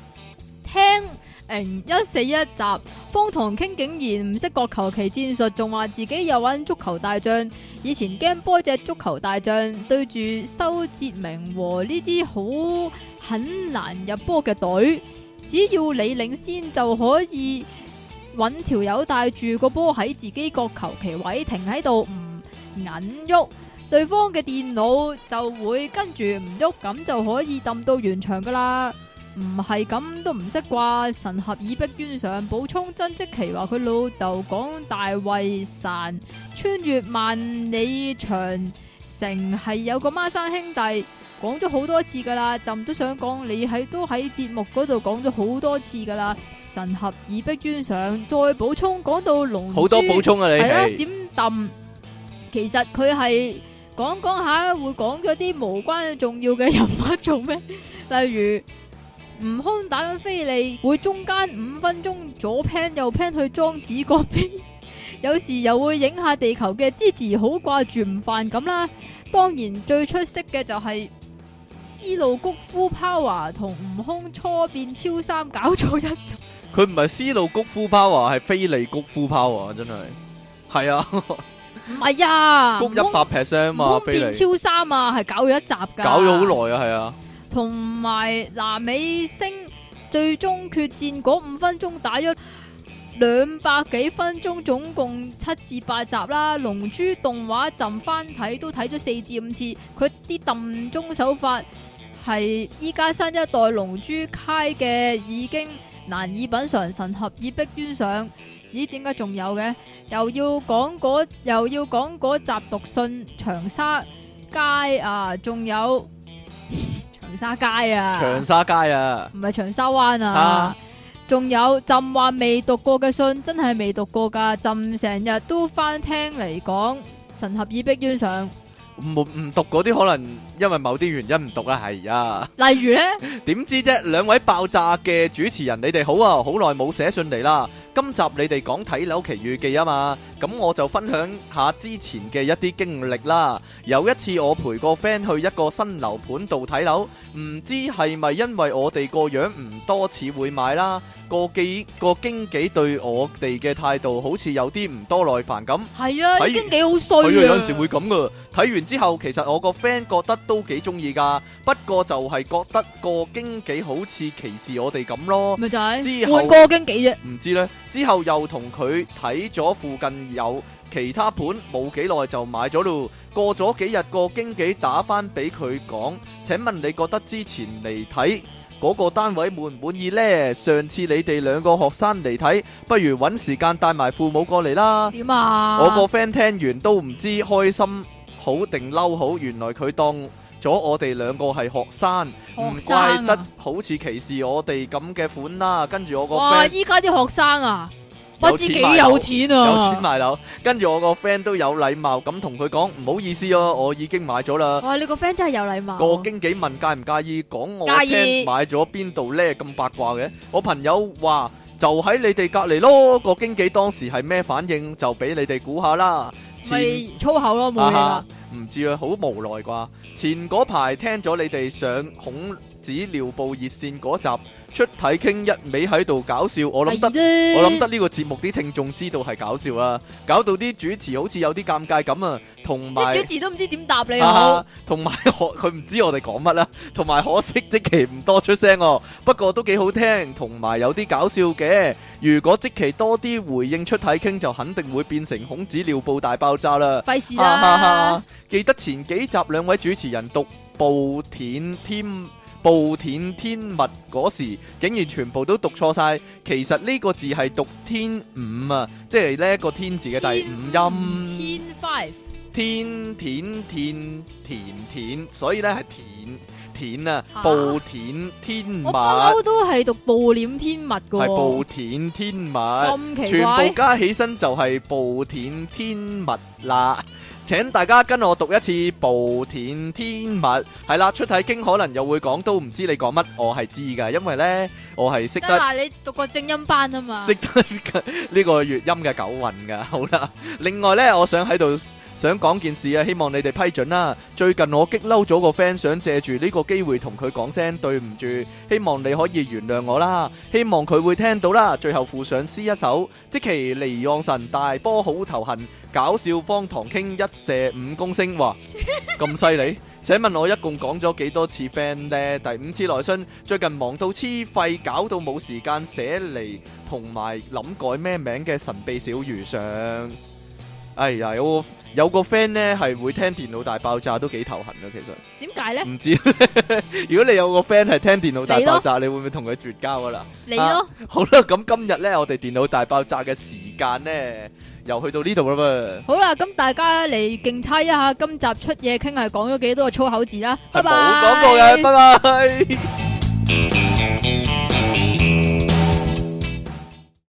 聽，嗯，一四一集，方唐傾竟然唔識國球棋戰術，仲話自己有玩足球大將，以前驚波只足球大將對住修哲明和呢啲好很難入波嘅隊，只要你領先就可以。揾條友帶住個波喺自己個球旗位停喺度唔揞喐，對方嘅電腦就會跟住唔喐，咁就可以揼到完場噶啦。唔係咁都唔識啩？神俠以逼冤上，補充曾積淇話：佢老豆講大衞神穿越萬里長城係有個孖生兄弟，講咗好多次噶啦。朕都想講你係都喺節目嗰度講咗好多次噶啦。神合而逼尊上，再補充講到龍珠好多補充啊！你係啦，點揼對？其實佢係講講下，會講咗啲無關重要嘅人物做咩？ 例如，悟空打緊飛利，會中間五分鐘左 pan 右 pan 去莊子嗰邊，有時又會影下地球嘅支持，ee, 好掛住唔犯咁啦。當然最出色嘅就係思路谷夫 power 同悟空初變超三搞咗一。 佢唔係絲路谷夫炮啊，係菲利谷夫炮啊！真係係啊，唔係空利啊，谷一百 percent 啊，變超三啊，係搞咗一集㗎，搞咗好耐啊，係啊。同埋南美星最終決戰嗰五分鐘打咗兩百幾分鐘，總共七至八集啦。龍珠動畫浸翻睇都睇咗四至五次，佢啲揼鐘手法係依家新一代龍珠 Kai 嘅已經。難以品嘗神合以逼冤上，咦？點解仲有嘅？又要講嗰又要講嗰集讀信長沙街啊？仲有長沙街啊？長沙街啊？唔係長沙灣啊？仲有朕話未讀過嘅信真係未讀過噶，朕成日都翻聽嚟講神合以逼冤上，唔唔讀嗰啲可能。因為某啲原因唔讀啦，係啊，例如呢，點知啫？兩位爆炸嘅主持人，你哋好啊，好耐冇寫信嚟啦。今集你哋講睇樓奇遇記啊嘛，咁我就分享下之前嘅一啲經歷啦。有一次我陪個 friend 去一個新樓盤度睇樓，唔知係咪因為我哋個樣唔多似會買啦？個幾個經紀對我哋嘅態度好似有啲唔多耐煩咁。係啊，已經幾好衰啊！有陣時會咁噶。睇完之後，其實我個 friend 覺得。都幾中意噶，不過就係覺得個經紀好似歧視我哋咁咯。咪就係之後個經紀啫，唔知呢。之後又同佢睇咗附近有其他盤，冇幾耐就買咗咯。過咗幾日個經紀打翻俾佢講，請問你覺得之前嚟睇嗰個單位滿唔滿意呢？上次你哋兩個學生嚟睇，不如搵時間帶埋父母過嚟啦。點啊？我個 friend 聽完都唔知開心。好定嬲好，原來佢當咗我哋兩個係學生，唔怪得好似歧視我哋咁嘅款啦。跟住我個 friend 話，哇，依家啲學生啊，不知幾有錢啊，有錢買樓。跟住我個 friend 都有禮貌咁同佢講，唔好意思啊，我已經買咗啦。哇，你個 friend 真係有禮貌。個經紀問介唔介意，講我聽買咗邊度呢，咁八卦嘅。我朋友話就喺你哋隔籬咯。個經紀當時係咩反應，就俾你哋估下啦。咪前、啊、粗口咯，冇嘢啦。唔知啊，好無奈啩。前嗰排聽咗你哋上恐。子尿布熱線嗰集出體 king 一味喺度搞笑，我諗得的我諗得呢個節目啲聽眾知道係搞笑啊，搞到啲主持好似有啲尷尬咁啊，同埋啲主持都唔知點答你啊，同埋佢唔知我哋講乜啦，同埋可惜積淇唔多出聲哦、啊，不過都幾好聽，同埋有啲搞笑嘅。如果積淇多啲回應出體 king，就肯定會變成孔子尿布大爆炸啦，費事啦。記得前幾集兩位主持人讀報墊添。暴殄天物嗰時，竟然全部都讀錯晒。其實呢個字係讀天五啊，即係呢個天字嘅第五音。天 five。天殄天殄殄，所以咧係舔舔啊！暴殄、啊、天物。我包都係讀暴殄天物嘅、啊。係暴殄天物。咁奇怪，全部加起身就係暴殄天物啦。請大家跟我讀一次《暴殄天物》，係啦，出體 King 可能又會講，都唔知你講乜，我係知㗎，因為呢，我係識得。嗱，你讀過正音班啊嘛？識得呢個粵音嘅九韻㗎。好啦，另外呢，我想喺度。想講件事啊，希望你哋批准啦。最近我激嬲咗個 friend，想借住呢個機會同佢講聲對唔住，希望你可以原諒我啦。希望佢會聽到啦。最後附上詩一首：積淇離岸神，大波好頭痕，搞笑方唐傾一射五公升，話咁犀利。請問我一共講咗幾多次 friend 呢？第五次來信，最近忙到黐廢，搞到冇時間寫嚟，同埋諗改咩名嘅神秘小魚上。哎呀，有個有個 friend 咧，係會聽電腦大爆炸都幾頭痕啊。其實點解咧？唔知。 如果你有個 friend 係聽電腦大爆炸，你，咯你會唔會同佢絕交噶啦？你咯、啊。好啦，咁今日咧，我哋電腦大爆炸嘅時間咧，又去到呢度啦嘛。好啦，咁大家嚟競猜一下，今集出嘢傾係講咗幾多個粗口字啦。拜拜沒沒。拜拜。冇廣告嘅，拜 拜樂。